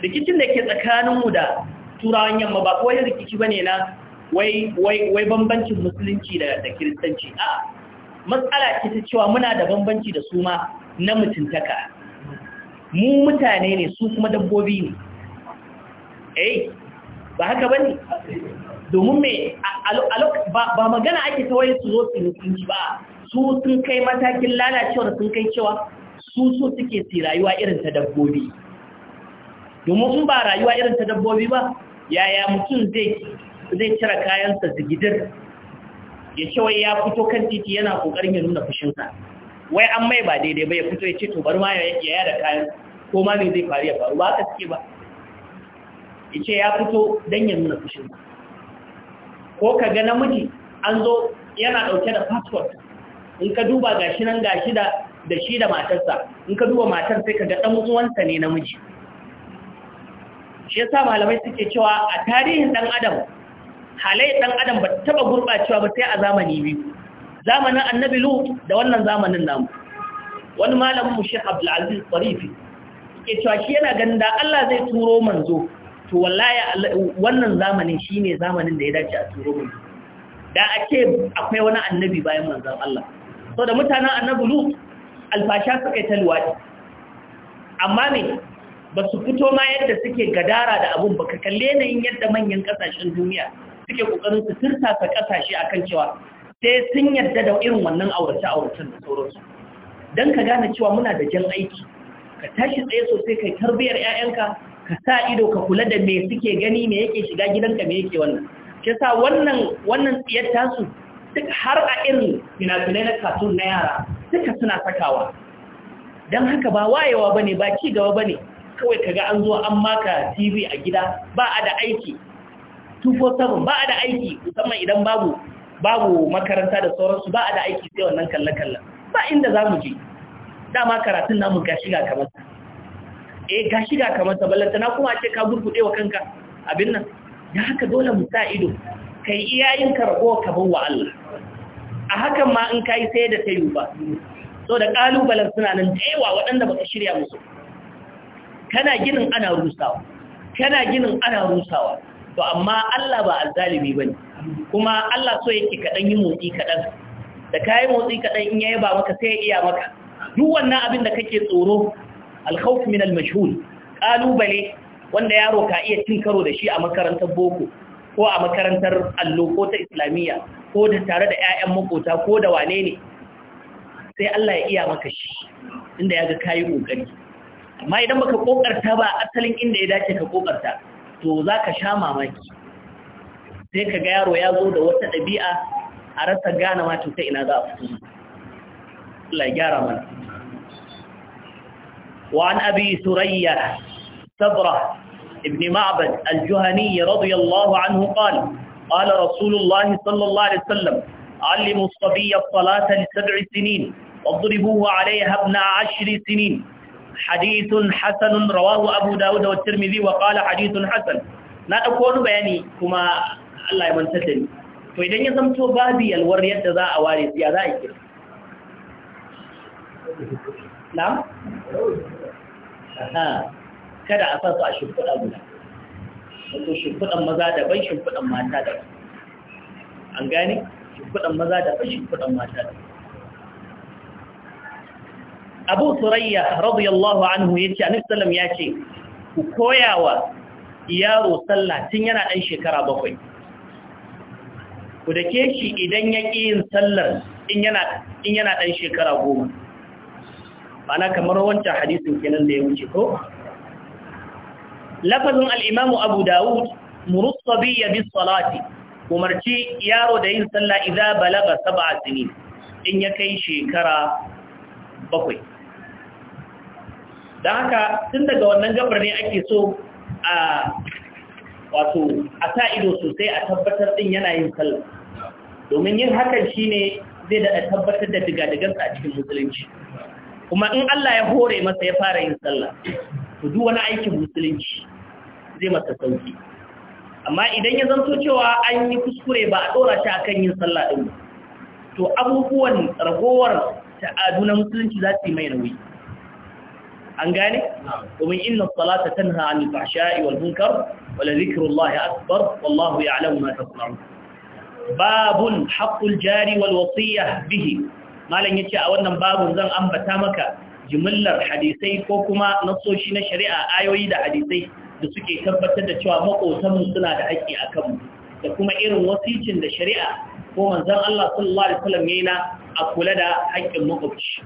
Speaker 1: rikicin da ke tsakaninmu da turawan yamma ba kawai rikici ba ne na wai bambancin musulunci da kiristanci a matsala ce ta cewa muna da bambanci da su ma na mutuntaka mu mutane ne su kuma dabbobi ne eh ba haka ba domin me ba magana ake ta wani su zo su mutunci ba su sun kai matakin lalacewar sun kai cewa su so suke su rayuwa irin ta dabbobi domin in ba rayuwa irin ta dabbobi ba yaya mutum zai cire kayansa zigidir ya ce wai ya fito kan titi yana kokarin ya nuna fushinsa wai an mai ba daidai ba ya fito ya ce to bari ma ya yada kayan ko ma me zai faru ya faru ba ka suke ba ya ce ya fito don ya nuna fushinsa ko ka ga namiji an zo yana ɗauke da passport in ka duba gashi nan gashi da da shi da matarsa in ka duba matar sai ka ga ɗan uwansa ne namiji shi yasa malamai suke cewa a tarihin dan adam halayyar ɗan adam ba taɓa gurɓacewa ba sai a zamani biyu zamanin annabi lu da wannan zamanin namu wani malamin mu shekh abdulaziz tsarifi ke cewa shi yana ganin da allah zai turo manzo to wallahi wannan zamanin shi ne zamanin da ya dace a turo manzo da a ce akwai wani annabi bayan manzan allah so da mutanen annabi lu alfasha suka yi ta luwaɗi amma ne ba su fito ma yadda suke gadara da abin ba ka kalle yanayin yadda manyan ƙasashen duniya suke kokarin su sirta ta kasashe akan cewa sai sun yarda da irin wannan aurace-auracen da sauransu don ka gane cewa muna da jan aiki ka tashi tsaye sosai kai tarbiyyar 'ya'yanka ka sa ido ka kula da me suke gani me yake shiga gidanka me yake wannan ke sa wannan wannan tsiyar tasu duk har a irin finafinai na katun na yara duka suna sakawa don haka ba wayewa ba ne ba ci gaba ba ne kawai kaga an zo an maka tv a gida ba a da aiki 247 ba a da aiki musamman idan babu babu makaranta da sauransu ba a da aiki sai wannan kalle-kallen ba inda za mu je dama karatun namu ga shiga kamata eh ga shiga kamata ballanta na kuma ce ka gurgude wa kanka abin nan da haka dole mu sa ido kai iyayen karbo ka bawa Allah a hakan ma in kai sai da tayu ba so da kalubalen suna nan yawa waɗanda baka shirya musu kana ginin ana rusawa kana ginin ana rusawa to amma Allah ba azzalimi bane kuma Allah so yake kaɗan yi motsi kaɗan da kai motsi kaɗan in yayi ba maka sai iya maka duk wannan abin da kake tsoro alkhawf min almajhul kalubale wanda yaro ka iya cin karo da shi a makarantar boko ko a makarantar allo ko ta islamiyya ko da tare da ƴaƴan makota ko da wane ne sai Allah ya iya maka shi inda ya ga kayi kokari amma idan baka kokarta ba asalin inda ya dace ka kokarta to zaka sha mamaki sai ka ga yaro ya zo da wata dabi'a a rasa gane ma cuta ina za a fito la gyara mana وعن أبي ثريا سبرة ابن معبد الجهني رضي الله عنه قال قال رسول الله صلى الله عليه وسلم علموا الصبي الصلاة لسبع سنين واضربوه عليها ابن عشر سنين حديث حسن رواه أبو داود والترمذي وقال حديث حسن na ɗauko wani bayani kuma Allah ya manta da ni to idan ya zamto babu yalwar yadda za a ware siya za a kira na? kada a sa a shimfiɗa guda wato shimfiɗan maza daban shimfiɗan mata daban an gane shimfiɗan maza daban shimfiɗan mata daban abu surayya radiyallahu anhu ya ce annabi sallam ya ce ku koyawa yaro sallah tun yana ɗan shekara bakwai ku da ke shi idan ya ƙi yin sallar in yana ɗan shekara goma ana kamar wancan hadisin kenan da ya wuce ko lafazin al'imamu abu Da'ud murussabi ya salati umarci yaro da yin sallah idan balaga saba sinin in ya kai shekara bakwai don haka tun daga wannan gabar ne ake so a wato a sa ido sosai a tabbatar din yana yin sallah domin yin hakan shine zai da tabbatar da digadigansa a cikin musulunci kuma in Allah ya hore masa ya fara yin sallah to duk wani aikin musulunci zai masa sauki amma idan ya zanto cewa an yi kuskure ba a dora shi akan yin sallah din to abubuwan ragowar ta'adu na musulunci za su yi mai nauyi an gane domin inna salata tanha anil fahsha'i wal munkar wa la zikrullahi akbar wallahu ya'lamu ma tasna'un babun haqqul jari wal wasiyya bihi malam yace a wannan babun zan ambata maka jimillar hadisai ko kuma nasoshi na shari'a ayoyi da hadisai da suke tabbatar da cewa makotanmu suna da haƙƙi a kanmu da kuma irin wasicin da shari'a ko manzon Allah sallallahu Alaihi wasallam ya a kula da haƙƙin makwabci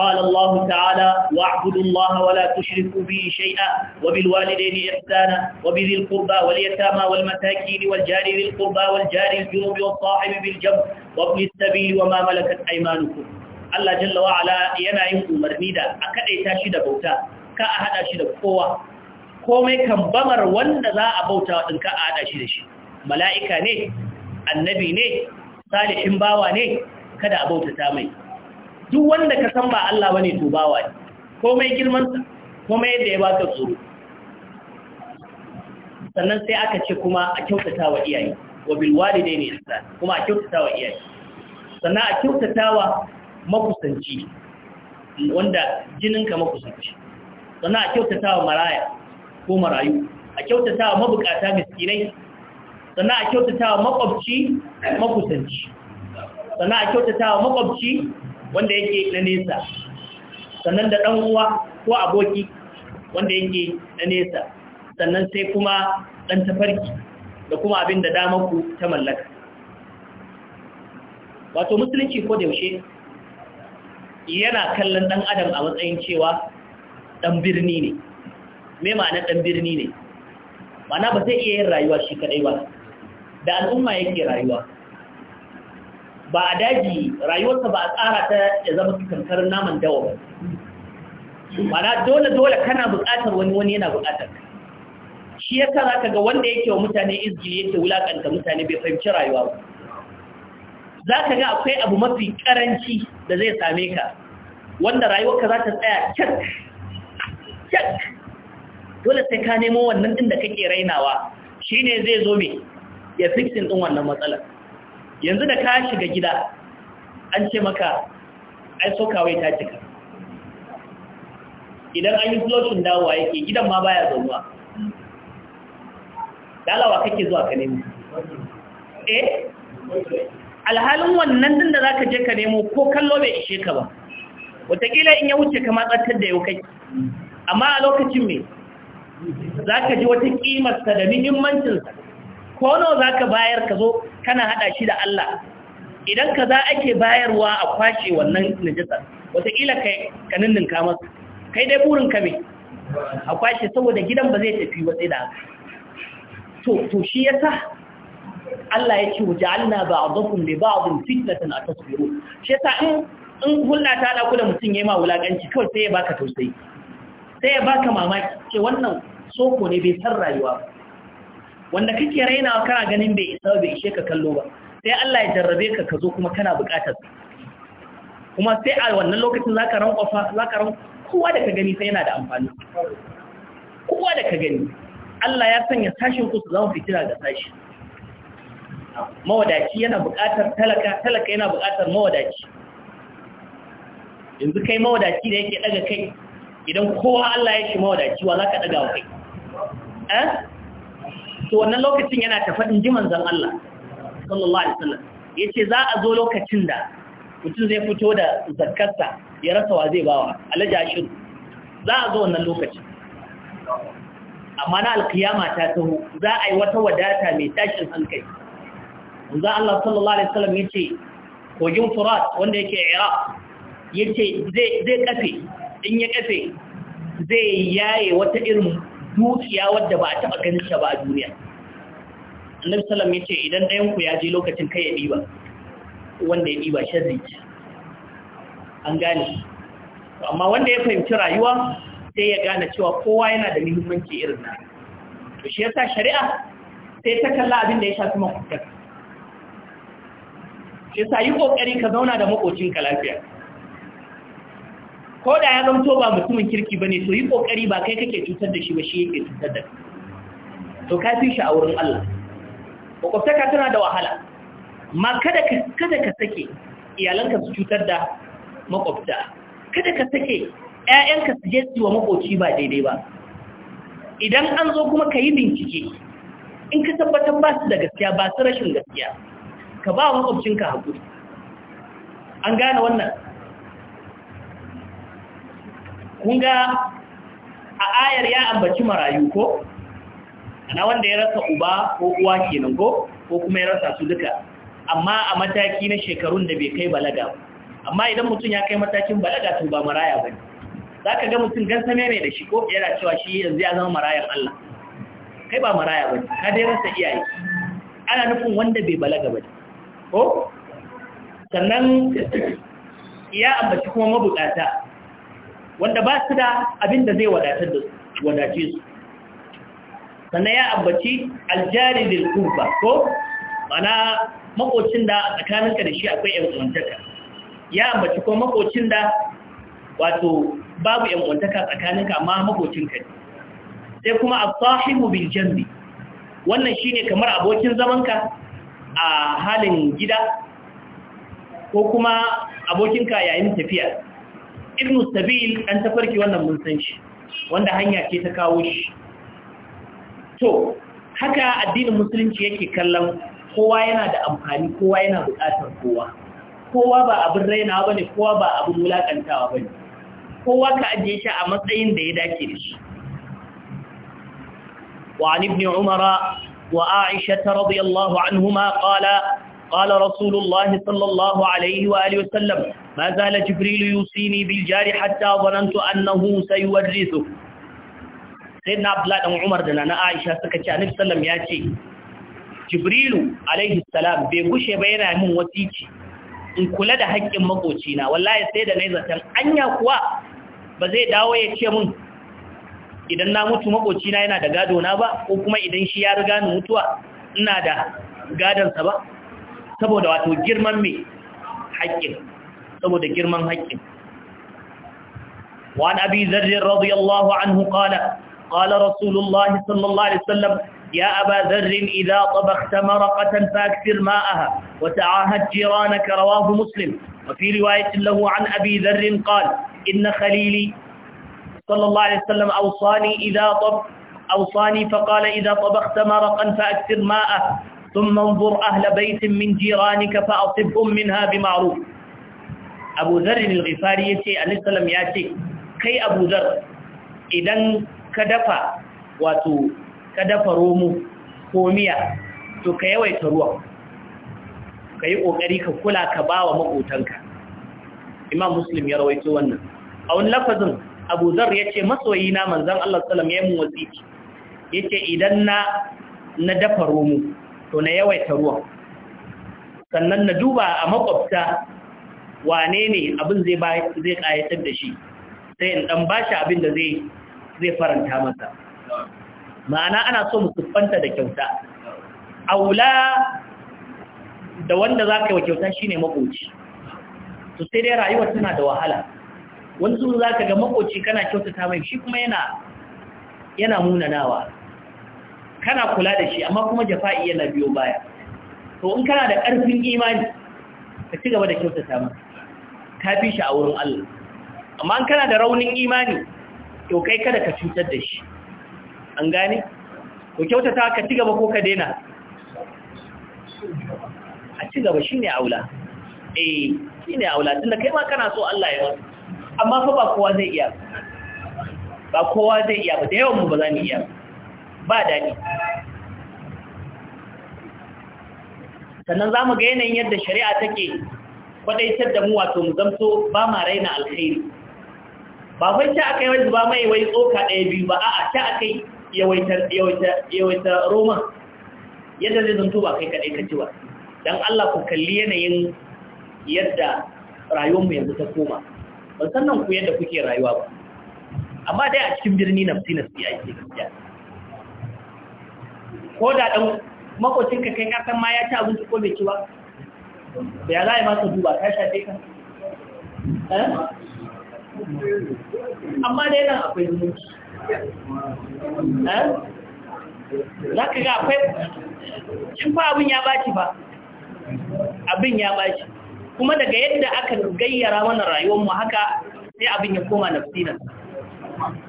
Speaker 1: قال الله تعالى واعبدوا الله ولا تشركوا به شيئا وبالوالدين إحسانا وبذي القربى واليتامى والمساكين والجار ذي القربى والجار الجنوب والصاحب بالجنب وابن السبيل وما ملكت أيمانكم الله جل وعلا ينعم أمرني دا أكدئتا شد بوتا كأهدا شد قوة komai kan bamar wanda za a bauta ɗin ka a haɗa shi da shi mala'ika ne annabi ne salihin bawa ne kada a bautata mai duk wanda ka san ba Allah bane to bawa ne komai girman sa komai yadda ya baka tsoro sannan sai aka ce kuma a kyautata wa iyaye wa bil walidaini ihsan kuma a kyautata wa iyaye sannan a kyautata wa makusanci wanda jininka makusanci sannan a kyautata wa maraya ko marayu a kyautata wa mabukata miskinai sannan a kyautata wa makwabci makusanci sannan a kyautata wa makwabci wanda yake na nesa sannan da ɗan uwa ko aboki wanda yake na nesa sannan sai kuma ɗan tafarki da kuma abin da damanku ta mallaka wato musulunci ko da yaushe yana kallon ɗan adam a matsayin cewa ɗan birni ne mai ma'ana ɗan birni ne ma'ana ba zai iya yin rayuwa shi kaɗai ba da al'umma yake rayuwa ba a daji rayuwarsa ba a tsara ta ya zama kankarar naman dawa ba mana dole dole kana buƙatar wani wani yana buƙatar shi ya sa zaka ga wanda yake wa mutane izgili yake wulakanta mutane bai fahimci rayuwa ba Za ka ga akwai abu mafi karanci da zai same ka wanda rayuwarka za ta tsaya cak cak dole sai ka nemo wannan din da kake rainawa ne zai zo me ya ɗin din wannan matsalar yanzu da ka shiga gida an ce maka ai sokawai ta cika idan an yi floshin dawowa yake gidan ma baya zaunuwa dalawa kake zuwa ka nemo eh alhalin wannan din da za ka je ka nemo ko kallo bai ishe ka ba watakila in ya wuce ka matsatar da yau kai amma a lokacin mai za ka ji wata ƙimarsa da muhimmancinsa ko nawa za ka bayar ka zo kana hada shi da Allah idan ka za ake bayarwa a kwashe wannan najisar wataƙila ka ninninka masa kai dai burin ka me a kwashe saboda gidan ba zai tafi ba sai da to to shi yasa Allah ya ce wajalna ba'dakum li ba'din fitnatan atasbiru shi yasa in in hulla ta ala kula mutun yayi ma wulakanci kawai sai ya baka tausayi sai ya baka mamaki ce wannan soko ne bai san rayuwa ba wanda kake raina kana ganin bai isa bai ishe ka kallo ba sai Allah ya jarrabe ka ka zo kuma kana buƙatar kuma sai a wannan lokacin zaka rankwafa zaka ran kowa da ka gani sai yana da amfani kowa da ka gani Allah ya sanya sashin ku su zama fitina ga sashi mawadaci yana buƙatar talaka talaka yana buƙatar mawadaci yanzu kai mawadaci da yake daga kai idan kowa Allah ya shi mawadaci wa zaka daga kai eh to wannan lokacin yana tafa in ji manzon Allah sallallahu alaihi wasallam yace za a zo lokacin da mutum zai fito da zakarsa ya rasa wa zai bawa alaji ashir za a zo wannan lokacin amma na alkiyama ta taho za a yi wata wadata mai tashin hankali manzon Allah sallallahu alaihi wasallam yace kogin Furat wanda yake Iraq yace zai zai kafe in ya kafe zai yaye wata irin dukiya wadda ba a taɓa ganin ta ba a duniya annabi sallam ya ce idan ɗayan ku ya je lokacin kai ya ɗiba wanda ya ɗiba sharri an gane amma wanda ya fahimci rayuwa sai ya gane cewa kowa yana da muhimmanci irin na to shi yasa shari'a sai ta kalla abin da ya shafi makwabtar shi yasa yi kokari ka zauna da makocinka lafiya ko da ya zamto ba mutumin kirki ba ne so yi kokari ba kai kake cutar da shi ba shi yake cutar da to ka fi shi a wurin Allah ƙwaƙwaftaka tana da wahala ma kada ka sake iyalanka su cutar da maƙwabta kada ka sake ‘ya'yanka su je wa makoci ba daidai ba idan an zo kuma ka yi bincike in ka tabbatar ba su da gaskiya ba su rashin gaskiya ka ba wa makwabcinka hakuri an gane wannan Kunga a ayar ya ambaci marayu ko ana wanda ya rasa uba ko uwa kenan ko ko kuma ya rasa su duka amma a mataki na shekarun da bai kai balaga amma idan mutum ya kai matakin balaga to ba maraya bane zaka ga mutum gansame ne da shi ko yana cewa shi yanzu ya zama marayan Allah kai ba maraya bane ka dai rasa iyaye ana nufin wanda bai balaga bane ko sannan ya ambaci kuma mabukata wanda ba su da abin da zai wadace su sannan ya ambaci aljari da kurba ko mana makocin da tsakaninka da shi akwai yankuwantaka ya ambaci ko makocin da wato babu yankuwantaka tsakaninka amma makocinka ne sai kuma a sahibu bin jambi wannan shi ne kamar abokin zamanka a halin gida ko kuma abokinka yayin tafiya ilmu sabil an tafarki wannan mun san shi wanda hanya ce ta kawo shi to haka addinin musulunci yake kallon kowa yana da amfani kowa yana buƙatar kowa kowa ba abin rainawa ne, kowa ba abin ba ne, kowa ka ajiye shi a matsayin da ya dace da shi وعن ابن عمر وعائشة رضي الله عنهما قال قال رسول الله صلى الله عليه وآله وسلم ما زال جبريل يوصيني بالجار حتى ظننت أنه سيورثه سيدنا عبد الله بن عمر دنا na Aisha suka ce Annabi sallam ya ce Jibrilu alaihi salam bai gushe ba yana min wasici in kula da haƙƙin makocina wallahi sai da nayi zaton anya kuwa ba zai dawo ya ce min idan na mutu makocina yana da gado na ba ko kuma idan shi ya riga ni mutuwa ina da gadonsa ba saboda wato girman mai haƙƙin saboda girman haƙƙin wa abi zarrin radiyallahu anhu ƙala ƙala sallallahu alaihi ya aba zarrin idan tsabakta maraƙatan fakfir ma'aha wata ahad jirana karawa bu muslim mafi riwayatun lahu an abi zarrin ƙal inna khalili sallallahu alaihi sallam a wasani idan tsab أوصاني فقال إذا طبخت مرقا فأكثر ماءه ثم انظر أهل بيت من جيرانك فأطبهم منها بمعروف أبو ذر الغفاري يتي عليه السلام ياتي كي أبو ذر إذن كدفا واتو كدفا رومو كوميا تو كيوي تروى كيو أغريك كلا كباوة مقوتنك إمام مسلم يروي توانا أو لفظ أبو ذر يتي مسوينا من ذن الله السلام يمو وزيك يتي إذن na dafa romo to na yawaita ruwan sannan na duba a makwabta wane ne abin zai kayatar da shi sai in dan bashi abin da zai zai faranta masa ma'ana ana so mu musuffanta da kyauta aula da wanda za ka yi wa kyauta shi ne makoci to sai dai rayuwa tana da wahala wani zaka za ka ga makoci kana kyautata mai shi kuma yana munanawa kana kula da shi amma kuma jafa'i yana biyo baya to in kana da ƙarfin imani ka ci gaba da kyautata masa ka fi shi a wurin Allah amma in kana da raunin imani to kai kada ka cutar da shi an gane ko kyautata ka ci gaba ko ka daina a ci gaba shine aula eh shine aula tunda kai ma kana so Allah ya amma fa ba kowa zai iya ba kowa zai iya ba da yawan mu ba za mu iya ba ba daɗi sannan za mu ga yanayin yadda shari'a take kwaɗaitar da mu wato mu zamto ba ma raina alkhairi ba kai ta aka yi wajen ba mai wai tsoka ɗaya biyu ba a'a ta aka yi yawaitar Roma yadda zai zanto ba kai kaɗai ka ji ba don allah ku kalli yanayin yadda rayuwarmu yanzu ta koma ban sannan ku yadda kuke rayuwa ba amma dai a cikin birni na su nafsi ake gaskiya ko da ɗan makocinka kai kasan ma ya ci abinci ko mai ciwa ba da ya za a masa duba ta shafe ka eh? amma dai nan akwai zumunci eh? za ka ga akwai cin fa abin ya baci ba abin ya baci kuma daga yadda aka gayyara mana rayuwar mu haka sai abin ya koma na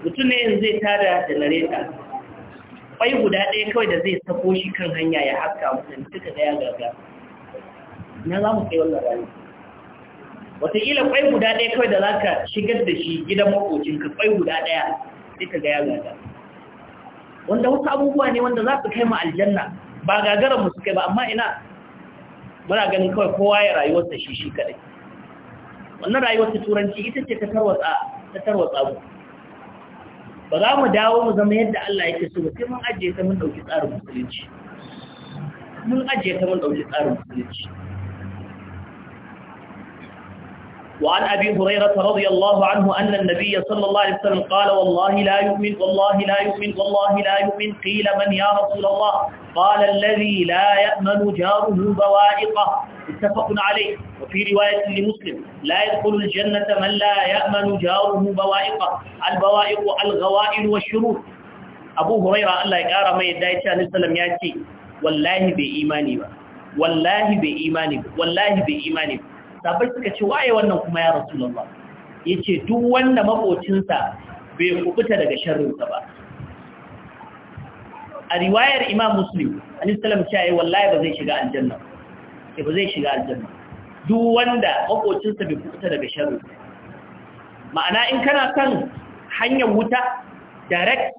Speaker 1: mutum ne yanzu zai da janareta kwai guda ɗaya kawai da zai sako shi kan hanya ya haska mutane suka gaya gaga na za mu kai wannan rayu wataƙila kwai guda ɗaya kawai da za ka shigar da shi gidan ka kwai guda ɗaya sai ka gaya gaga wanda wasu abubuwa ne wanda za su kai ma aljanna ba gagarar mu su ba amma ina muna ganin kawai kowa ya rayuwarsa shi shi kadai wannan rayuwar ta turanci ita ce ta tarwatsa ta tarwatsa mu ba za mu dawo mu zama yadda Allah yake so sai mun ajiye ta mun dauki tsarin musulunci mun ajiye ta mun dauki tsarin musulunci وعن أبي هريرة رضي الله عنه أن النبي صلى الله عليه وسلم قال والله لا يؤمن والله لا يؤمن والله لا يؤمن قيل من يا رسول الله قال الذي لا يأمن جاره بوائقه متفق عليه وفي رواية لمسلم لا يدخل الجنة من لا يأمن جاره بوائقه البوائق الغوائل والشرور أبو هريرة الله يقارى ما يدعي عليه السلام يأتي والله بإيماني والله بإيماني والله بإيماني sabai suka ce waye wannan kuma ya rasulullah yace duk wanda makocinsa bai kubuta daga sharrinsa ba a riwayar imam muslim annabi sallallahu alaihi wasallam wallahi ba zai shiga aljanna ba ba zai shiga aljanna duk wanda makocinsa bai kubuta daga sharrinsa ma'ana in kana kan hanyar wuta direct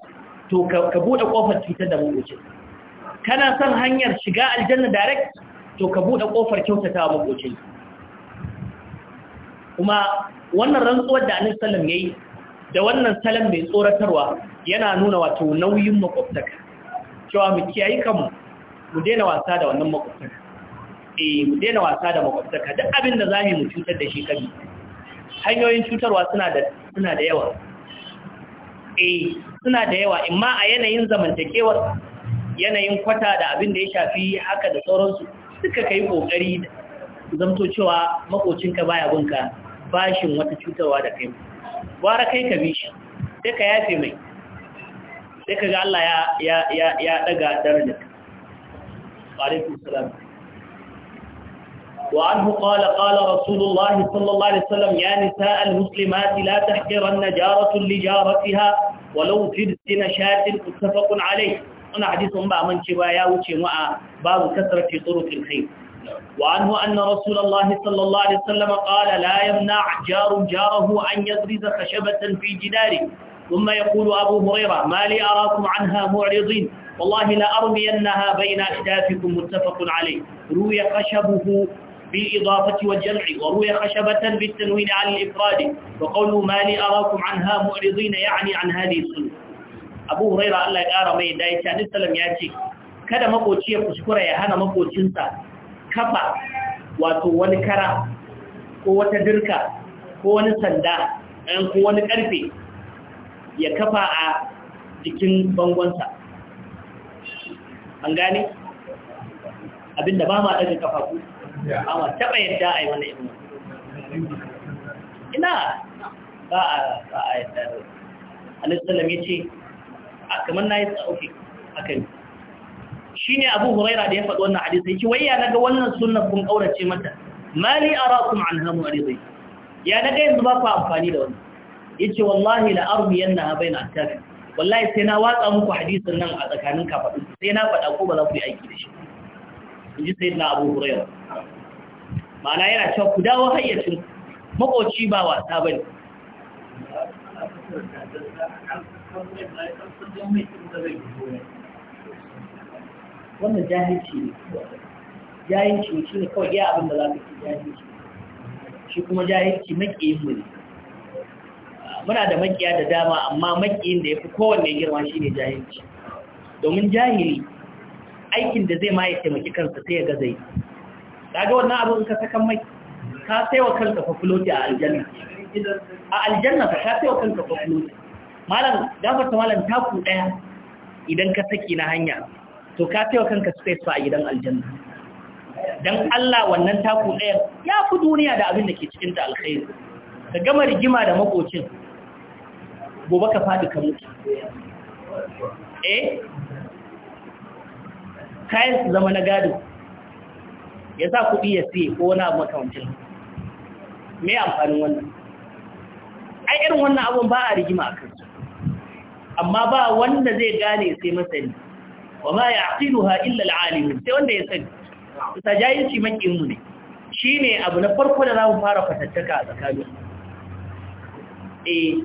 Speaker 1: to ka bude kofar cutar da makocin kana son hanyar shiga aljanna direct to ka bude kofar kyautata wa kuma wannan rantsuwar da annabi sallam yayi da wannan salam mai tsoratarwa yana nuna wato nauyin makwabtaka cewa mu kiyaye kanmu mu daina wasa da wannan makwabtaka eh mu daina wasa da makwabtaka duk abin da zai mu cutar da shi kabi hanyoyin cutarwa suna da suna da yawa eh suna da yawa amma a yanayin zamantakewar yanayin kwata da abin da ya shafi haka da sauransu duka kai kokari zamto cewa makocinka baya gunka bashin wata cutarwa da kai gwara kai ka bishi sai ka yafe mai sai ga Allah ya ya ya ya daga darajar ka alaikum wa anhu qala ƙala rasulullah sallallahu alaihi wasallam ya nisa al muslimat la tahqiran jaratun li jaratiha walau fidt nashatin ittafaqun alayh ana hadisin ba man ce ba ya wuce mu a babu kasratu turuqil وعنه أن رسول الله صلى الله عليه وسلم قال لا يمنع جار جاره أن يضرز خشبة في جداره ثم يقول أبو هريرة ما لي أراكم عنها معرضين والله لأرمينها بين أحدافكم متفق عليه روي خشبه بالإضافة والجمع وروي خشبة بالتنوين على الإفراد وقولوا ما لي أراكم عنها معرضين يعني عن هذه السنة أبو هريرة الله يقارى ميدا يتعني السلام ياتي kada makoci ya kuskura ya hana makocinsa kafa wato wani kara ko wata dirka ko wani sanda ɗan ko wani ƙarfe ya kafa a jikin bangonsa an gane abinda ba ma ɗaga kafa ku amma ma taɓa yadda a yi wani irin ina ba a yadda da alisalam ya ce a kamar na yi tsa'ofi aka yi shine Abu Huraira da ya faɗi wannan hadisi yake wai ya naga wannan sunnar kun kaurace mata mali arakum a mu'ridin ya naga yanzu ba ku amfani da wani. Ya ce wallahi la armi yanna baina attafi wallahi sai na watsa muku hadisin nan a tsakanin kafadu sai na faɗa ko ba za ku yi aiki da shi inji sayyidina Abu Huraira ma'ana yana cewa ku dawo hayyacin makoci ba wasa bane Thank you. wannan jahilci ne jahilci ne shi ne kawai iya abin da za ka ci jahilci shi kuma jahilci maƙiyin mu ne muna da maƙiya da dama amma maƙiyin da ya fi kowanne girma shi ne jahilci domin jahili aikin da zai ma ya taimaki kansa sai ya gaza yi kaga wannan abin ka sakan mai ka sai wa kanka floti a aljanna a aljanna ka sai wa kanka floti malam dafarta malam taku ɗaya idan ka saki na hanya to ka taiwa kanka space fa a gidan aljanna dan Allah wannan taku ɗayan ya fi duniya da abin da ke cikin ta alkhairi ka gama rigima da makocin gobe ka faɗi ka mutu eh kayan su zama na gado ya sa kuɗi ya siye ko wani abu makamancin mai amfanin wannan ai irin wannan abun ba a rigima a kansu amma ba wanda zai gane sai masani wa ma ya ya'qiluha illa al-alim sai wanda ya sani ta jahilci makin mu ne shine abu na farko da zamu fara fatattaka a tsakanin eh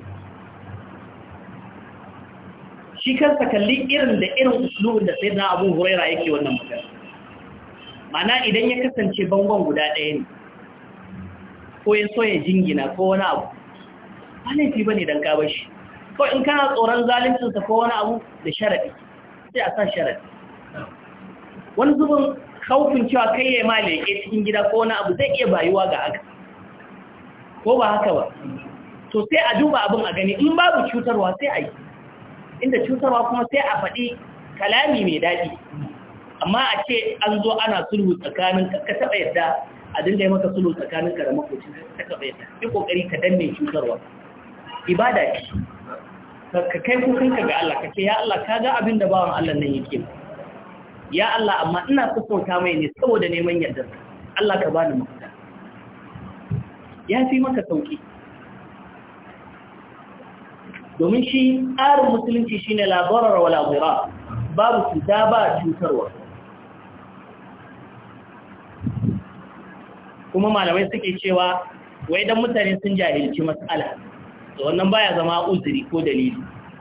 Speaker 1: shi kansa kalli irin da irin usulun da sai na abu huraira yake wannan magana mana idan ya kasance bangon guda ɗaya ne ko ya so ya jingina ko wani abu ba laifi ba ne don kawai shi. kawai in kana tsoron zaluncinsa ko wani abu da sharaɗi sai a sa sharadi wani zubin kaufin cewa kai ya yi ma leƙe cikin gida ko wani abu zai iya bayuwa ga haka ko ba haka ba to sai a duba abin a gani in babu cutarwa sai a yi inda cutarwa kuma sai a faɗi kalami mai daɗi amma a ce an zo ana sulhu tsakanin ka taɓa yadda a dinga yi maka sulhu tsakanin ka da makocin ka taɓa yadda ƙoƙari ka danne cutarwa ibada ce ka kai kukanka ga Allah ka ce ya Allah ka ga abin da bawan Allah nan yake ya Allah amma ina kusurta mai ne saboda neman yardar Allah ka bani mafita ya fi maka sauki domin shi tsarin musulunci shine labarar wa labira babu cuta ba cutarwa kuma malamai suke cewa wai dan mutane sun jahilci mas'ala Da wannan baya zama uzuri ko dalili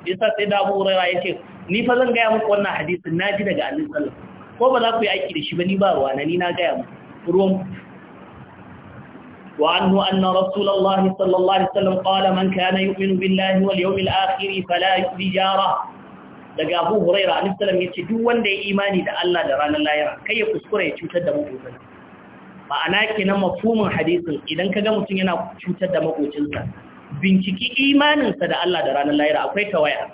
Speaker 1: yasa sai da Abu ya ce ni fa zan gaya muku wannan hadisin na ji daga Annabi Sallam? ko ba za ku yi aiki da shi ba ni ba ruwa na ni na gaya muku ruwan وعنه أن رسول الله صلى الله عليه وسلم قال من كان يؤمن بالله واليوم الآخر فلا يؤذي جاره daga Abu Huraira Annabi sallallahu alaihi duk wanda ya imani da Allah da ranar lahira kai ya kuskura ya cutar da makocinsa ma'ana kenan mafhumin hadisin idan kaga mutum yana cutar da makocinsa binciki imaninsa da Allah da ranar lahira akwai tawaya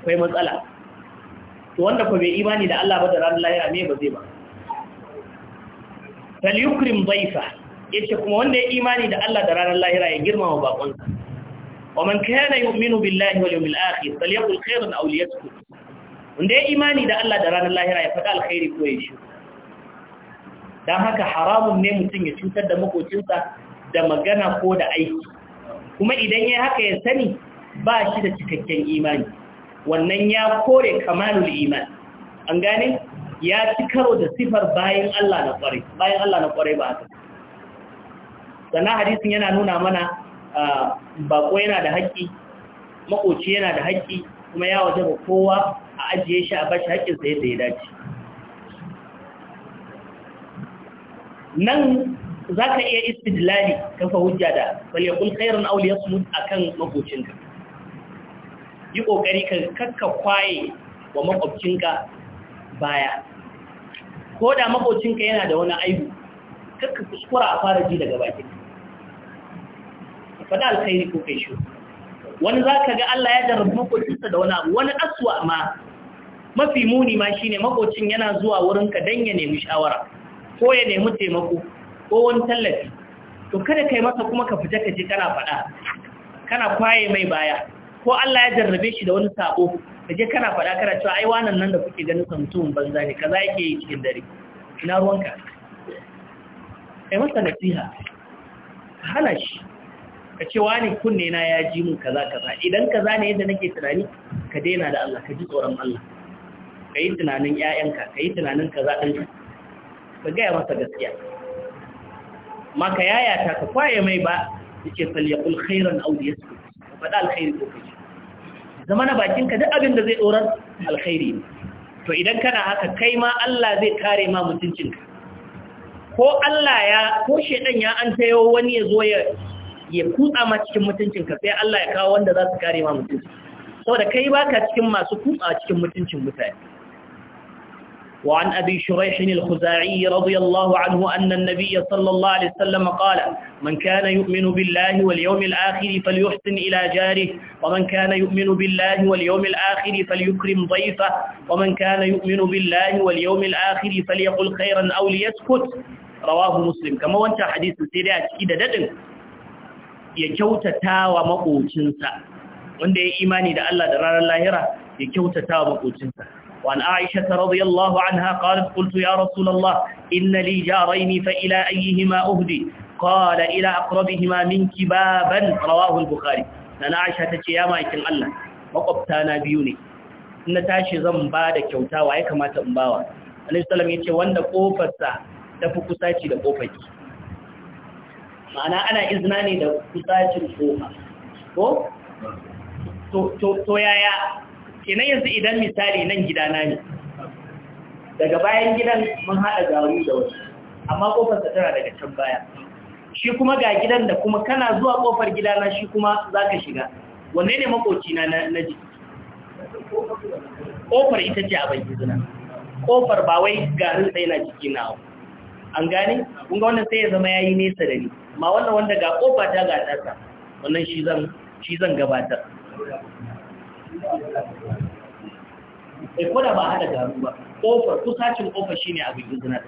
Speaker 1: akwai matsala to wanda ko bai imani da Allah ba da ranar lahira me ba zai ba fal yukrim dhaifa yace kuma wanda ya imani da Allah da ranar lahira ya girmama bakonsa wa man kana yu'minu billahi wal yawmil akhir falyaqul khairan aw liyasmut wanda ya imani da Allah da ranar lahira ya faɗa alkhairi ko ya shi Dan haka haramun ne mutum ya cutar da makocinsa da magana ko da aiki kuma idan ya haka ya sani ba shi da cikakken imani wannan ya kore kamalul iman an gane ya ci karo da sifar bayan Allah na kware bayan Allah na kware ba haka sannan hadisin yana nuna mana bako yana da haƙƙi makoci yana da haƙƙi kuma ya waje ba kowa a ajiye shi a bashi haƙƙinsa yadda ya dace nan za ka iya istidlali kafa hujja da bal yaqul khairan aw liyasmut akan makocinka yi kokari ka kakka kwaye wa makwabcinka baya ko da makocinka yana da wani aibu kakka kuskura a fara ji daga bakin faɗa alkhairi ko kai shi wani za ka ga Allah ya jarrabu makocinsa da wani abu wani aswa ma mafi muni ma shine makocin yana zuwa wurinka don ya nemi shawara ko ya nemi taimako ko wani tallafi to kada kai masa kuma ka fita kaje kana faɗa kana kwaye mai baya ko Allah ya jarrabe shi da wani sabo kaje kana faɗa kana cewa ai wannan nan da kuke ganin sa mutum banza ne kaza yake yi cikin dare ina ruwanka kai masa nasiha ka hana shi ka ce wani kunne na ya ji mun kaza kaza idan kaza ne yadda nake tunani ka daina da Allah ka ji tsoron Allah ka yi tunanin ƴaƴanka ka yi tunanin kaza ɗin ka gaya masa gaskiya ma ka yayata ka kwaye mai ba yake falyakul khairan aw liyasku faɗa alkhairi ko kai zama na bakin ka duk abin da zai dorar alkhairi to idan kana haka kai ma Allah zai kare ma mutuncinka ko Allah ya ko shedan ya an tayo wani ya zo ya ya kutsa ma cikin mutuncinka sai Allah ya kawo wanda za su kare ma mutuncinka. saboda kai baka cikin masu kutsa cikin mutuncin mutane وعن أبي شريح الخزاعي رضي الله عنه أن النبي صلى الله عليه وسلم قال من كان يؤمن بالله واليوم الآخر فليحسن إلى جاره ومن كان يؤمن بالله واليوم الآخر فليكرم ضيفه ومن كان يؤمن بالله واليوم الآخر فليقل خيرا أو ليسكت رواه مسلم كما وانت حديث سيرات إذا ددن يكوتتا ومقوشنسا وانده إيماني دا الله درار اللاهرة تاوى ومقوشنسا وعن عائشة رضي الله عنها قالت قلت يا رسول الله إن لي جارين فإلى أيهما أهدي قال إلى أقربهما منك بابا رواه البخاري أنا عائشة تشياما يكن الله makwabtana biyu ne na tashi zan ba da kyauta wa kamata in bawa alaihi ya ce wanda kofarsa ta fi kusaci da kofarki ma'ana ana izina ne da kusacin kofa ko to yaya kenan yanzu idan misali nan gidana ne daga bayan gidan mun haɗa garu da wasu amma ƙofarsa tana daga can baya shi kuma ga gidan da kuma kana zuwa ƙofar gidana shi kuma za ka shiga wanne ne makoci na ji ƙofar ita ce a bai gizina ƙofar ba wai garin tsaye na jiki na hau an gane kunga wannan sai ya zama ya yi nesa da ni ma wannan wanda ga ƙofa ta ga tasa wannan shi zan gabatar
Speaker 2: sai
Speaker 1: eh, ko da ba hada garu ba kofar kusacin kofar shine abin izina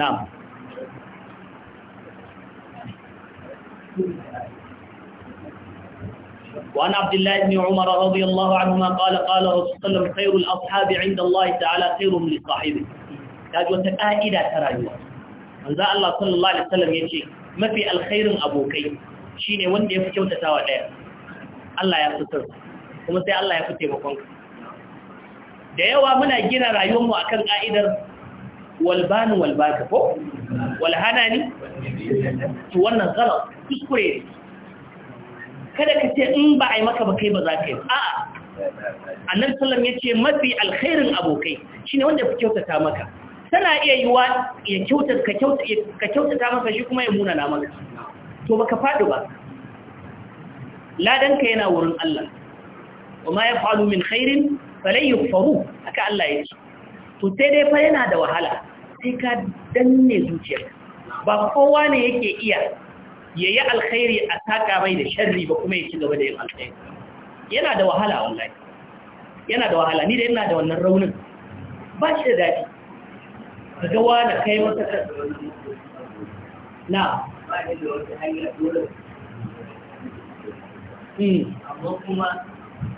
Speaker 1: na'am وعن عبد الله بن عمر رضي الله عنهما قال قال رسول الله صلى الله عليه وسلم خير الأصحاب عند الله تعالى خيرهم لصاحبه kaji wata ƙa'ida ta rayuwa manzo Allah sallallahu alaihi wasallam yace mafi alkhairin abokai shine wanda ya fi kyautatawa daya Allah ya kuma sai Allah ya fi taimakonka da yawa muna gina rayuwarmu a kan ƙa'idar walbani walbaka ko walhana ne to wannan zarar kuskure kada ka ce in ba a yi maka ba kai ba za ka yi a'a annabi sallam ya ce mafi alkhairin abokai shine wanda ya kyautata maka tana iya yi wa ya kyautata ka kyautata maka shi kuma ya muna na maka to baka faɗi ba ladanka yana wurin Allah wa ma yafalu min khairin falan faru. Aka Allah yake to sai dai fa yana da wahala sai ka danne zuciyar. ba kowa ne yake iya ya yi alkhairi a saka mai da sharri ba kuma ya ci gaba da yin alkhairi yana da wahala wallahi yana da wahala ni da yana da wannan raunin ba shi da daɗi ga wani kai masa na
Speaker 2: ba ni da hanyar hmm. amma kuma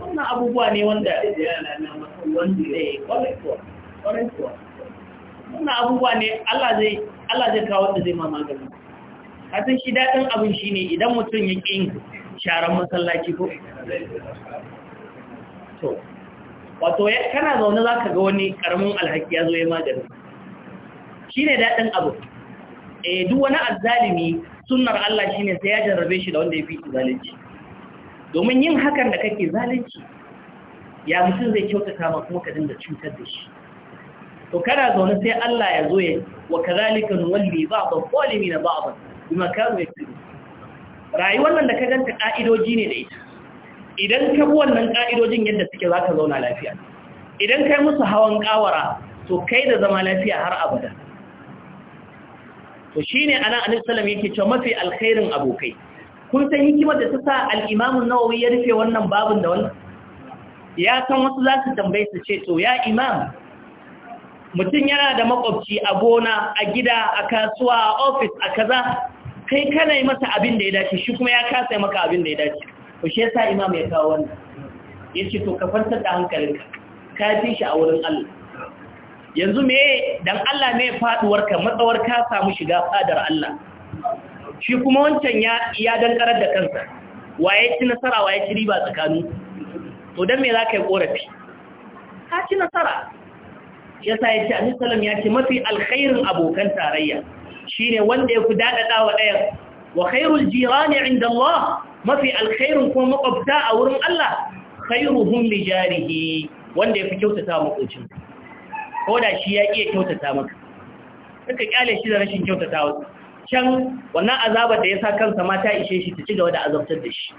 Speaker 1: wannan abubuwa ne wanda wannan abubuwa ne Allah zai kawo da zai mamagani kasan shi daɗin abin shi ne idan mutum ya ƙin sharan masallaci ko to wato kana zaune za ka ga wani ƙaramin alhaki ya zo ya magani shi ne daɗin abu eh duk wani azzalimi sunnar Allah shi ne sai ya jarrabe shi da wanda ya fi zalunci domin yin hakan da kake zalunci ya mutum zai kyautata ma kuma ka dinga cutar da shi to kana zaune sai Allah ya zo ya wa kadhalika nuwalli ba'd adh-dhalimin ba'd bima kanu yaktubun rayuwar nan da ka ganta ka'idoji ne da ita idan ka bi wannan ka'idojin yadda suke zaka zauna lafiya idan kai musu hawan kawara to kai da zama lafiya har abada to shine anan annabi sallallahu yake cewa mafi alkhairin abokai kun san hikimar da ta sa al-Imam an-Nawawi ya rufe wannan babun da wannan ya san wasu za su tambaye su ce to ya imam mutum yana da makwabci a gona a gida a kasuwa a ofis a kaza kai kana yi masa abin da ya dace shi kuma ya kasa maka abin da ya dace to shi yasa imam ya kawo wannan yace to ka farta da hankalinka ka fi shi a wurin Allah yanzu me dan Allah me faɗuwar ka matsawar ka samu shiga fadar Allah shi kuma wancan ya dankarar da kansa waye ci nasara waye ci riba tsakanin to dan me zaka yi korafi ka ci nasara yasa ya ci sallam ya ce mafi alkhairin abokan tarayya shine wanda ya fi daɗaɗa wa ɗayan wa jira ne inda Allah mafi alkhairin kuma makwabta a wurin Allah khairuhum li jarihi wanda ya fi kyautata makocinsa Koda shi ya iya kyautata maka suka kyale shi da rashin kyautata wasu can wannan azabar da ya sa kansa ma ta ishe shi ta ci gaba da azabtar da shi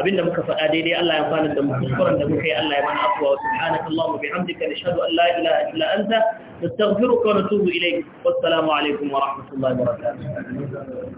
Speaker 1: abinda muka faɗa daidai Allah ya fara da kuskuren da muka yi Allah ya mana afuwa subhanaka allahumma bihamdika nashhadu an la ilaha illa anta nastaghfiruka wa natubu ilayk wassalamu alaikum wa rahmatullahi wa barakatuh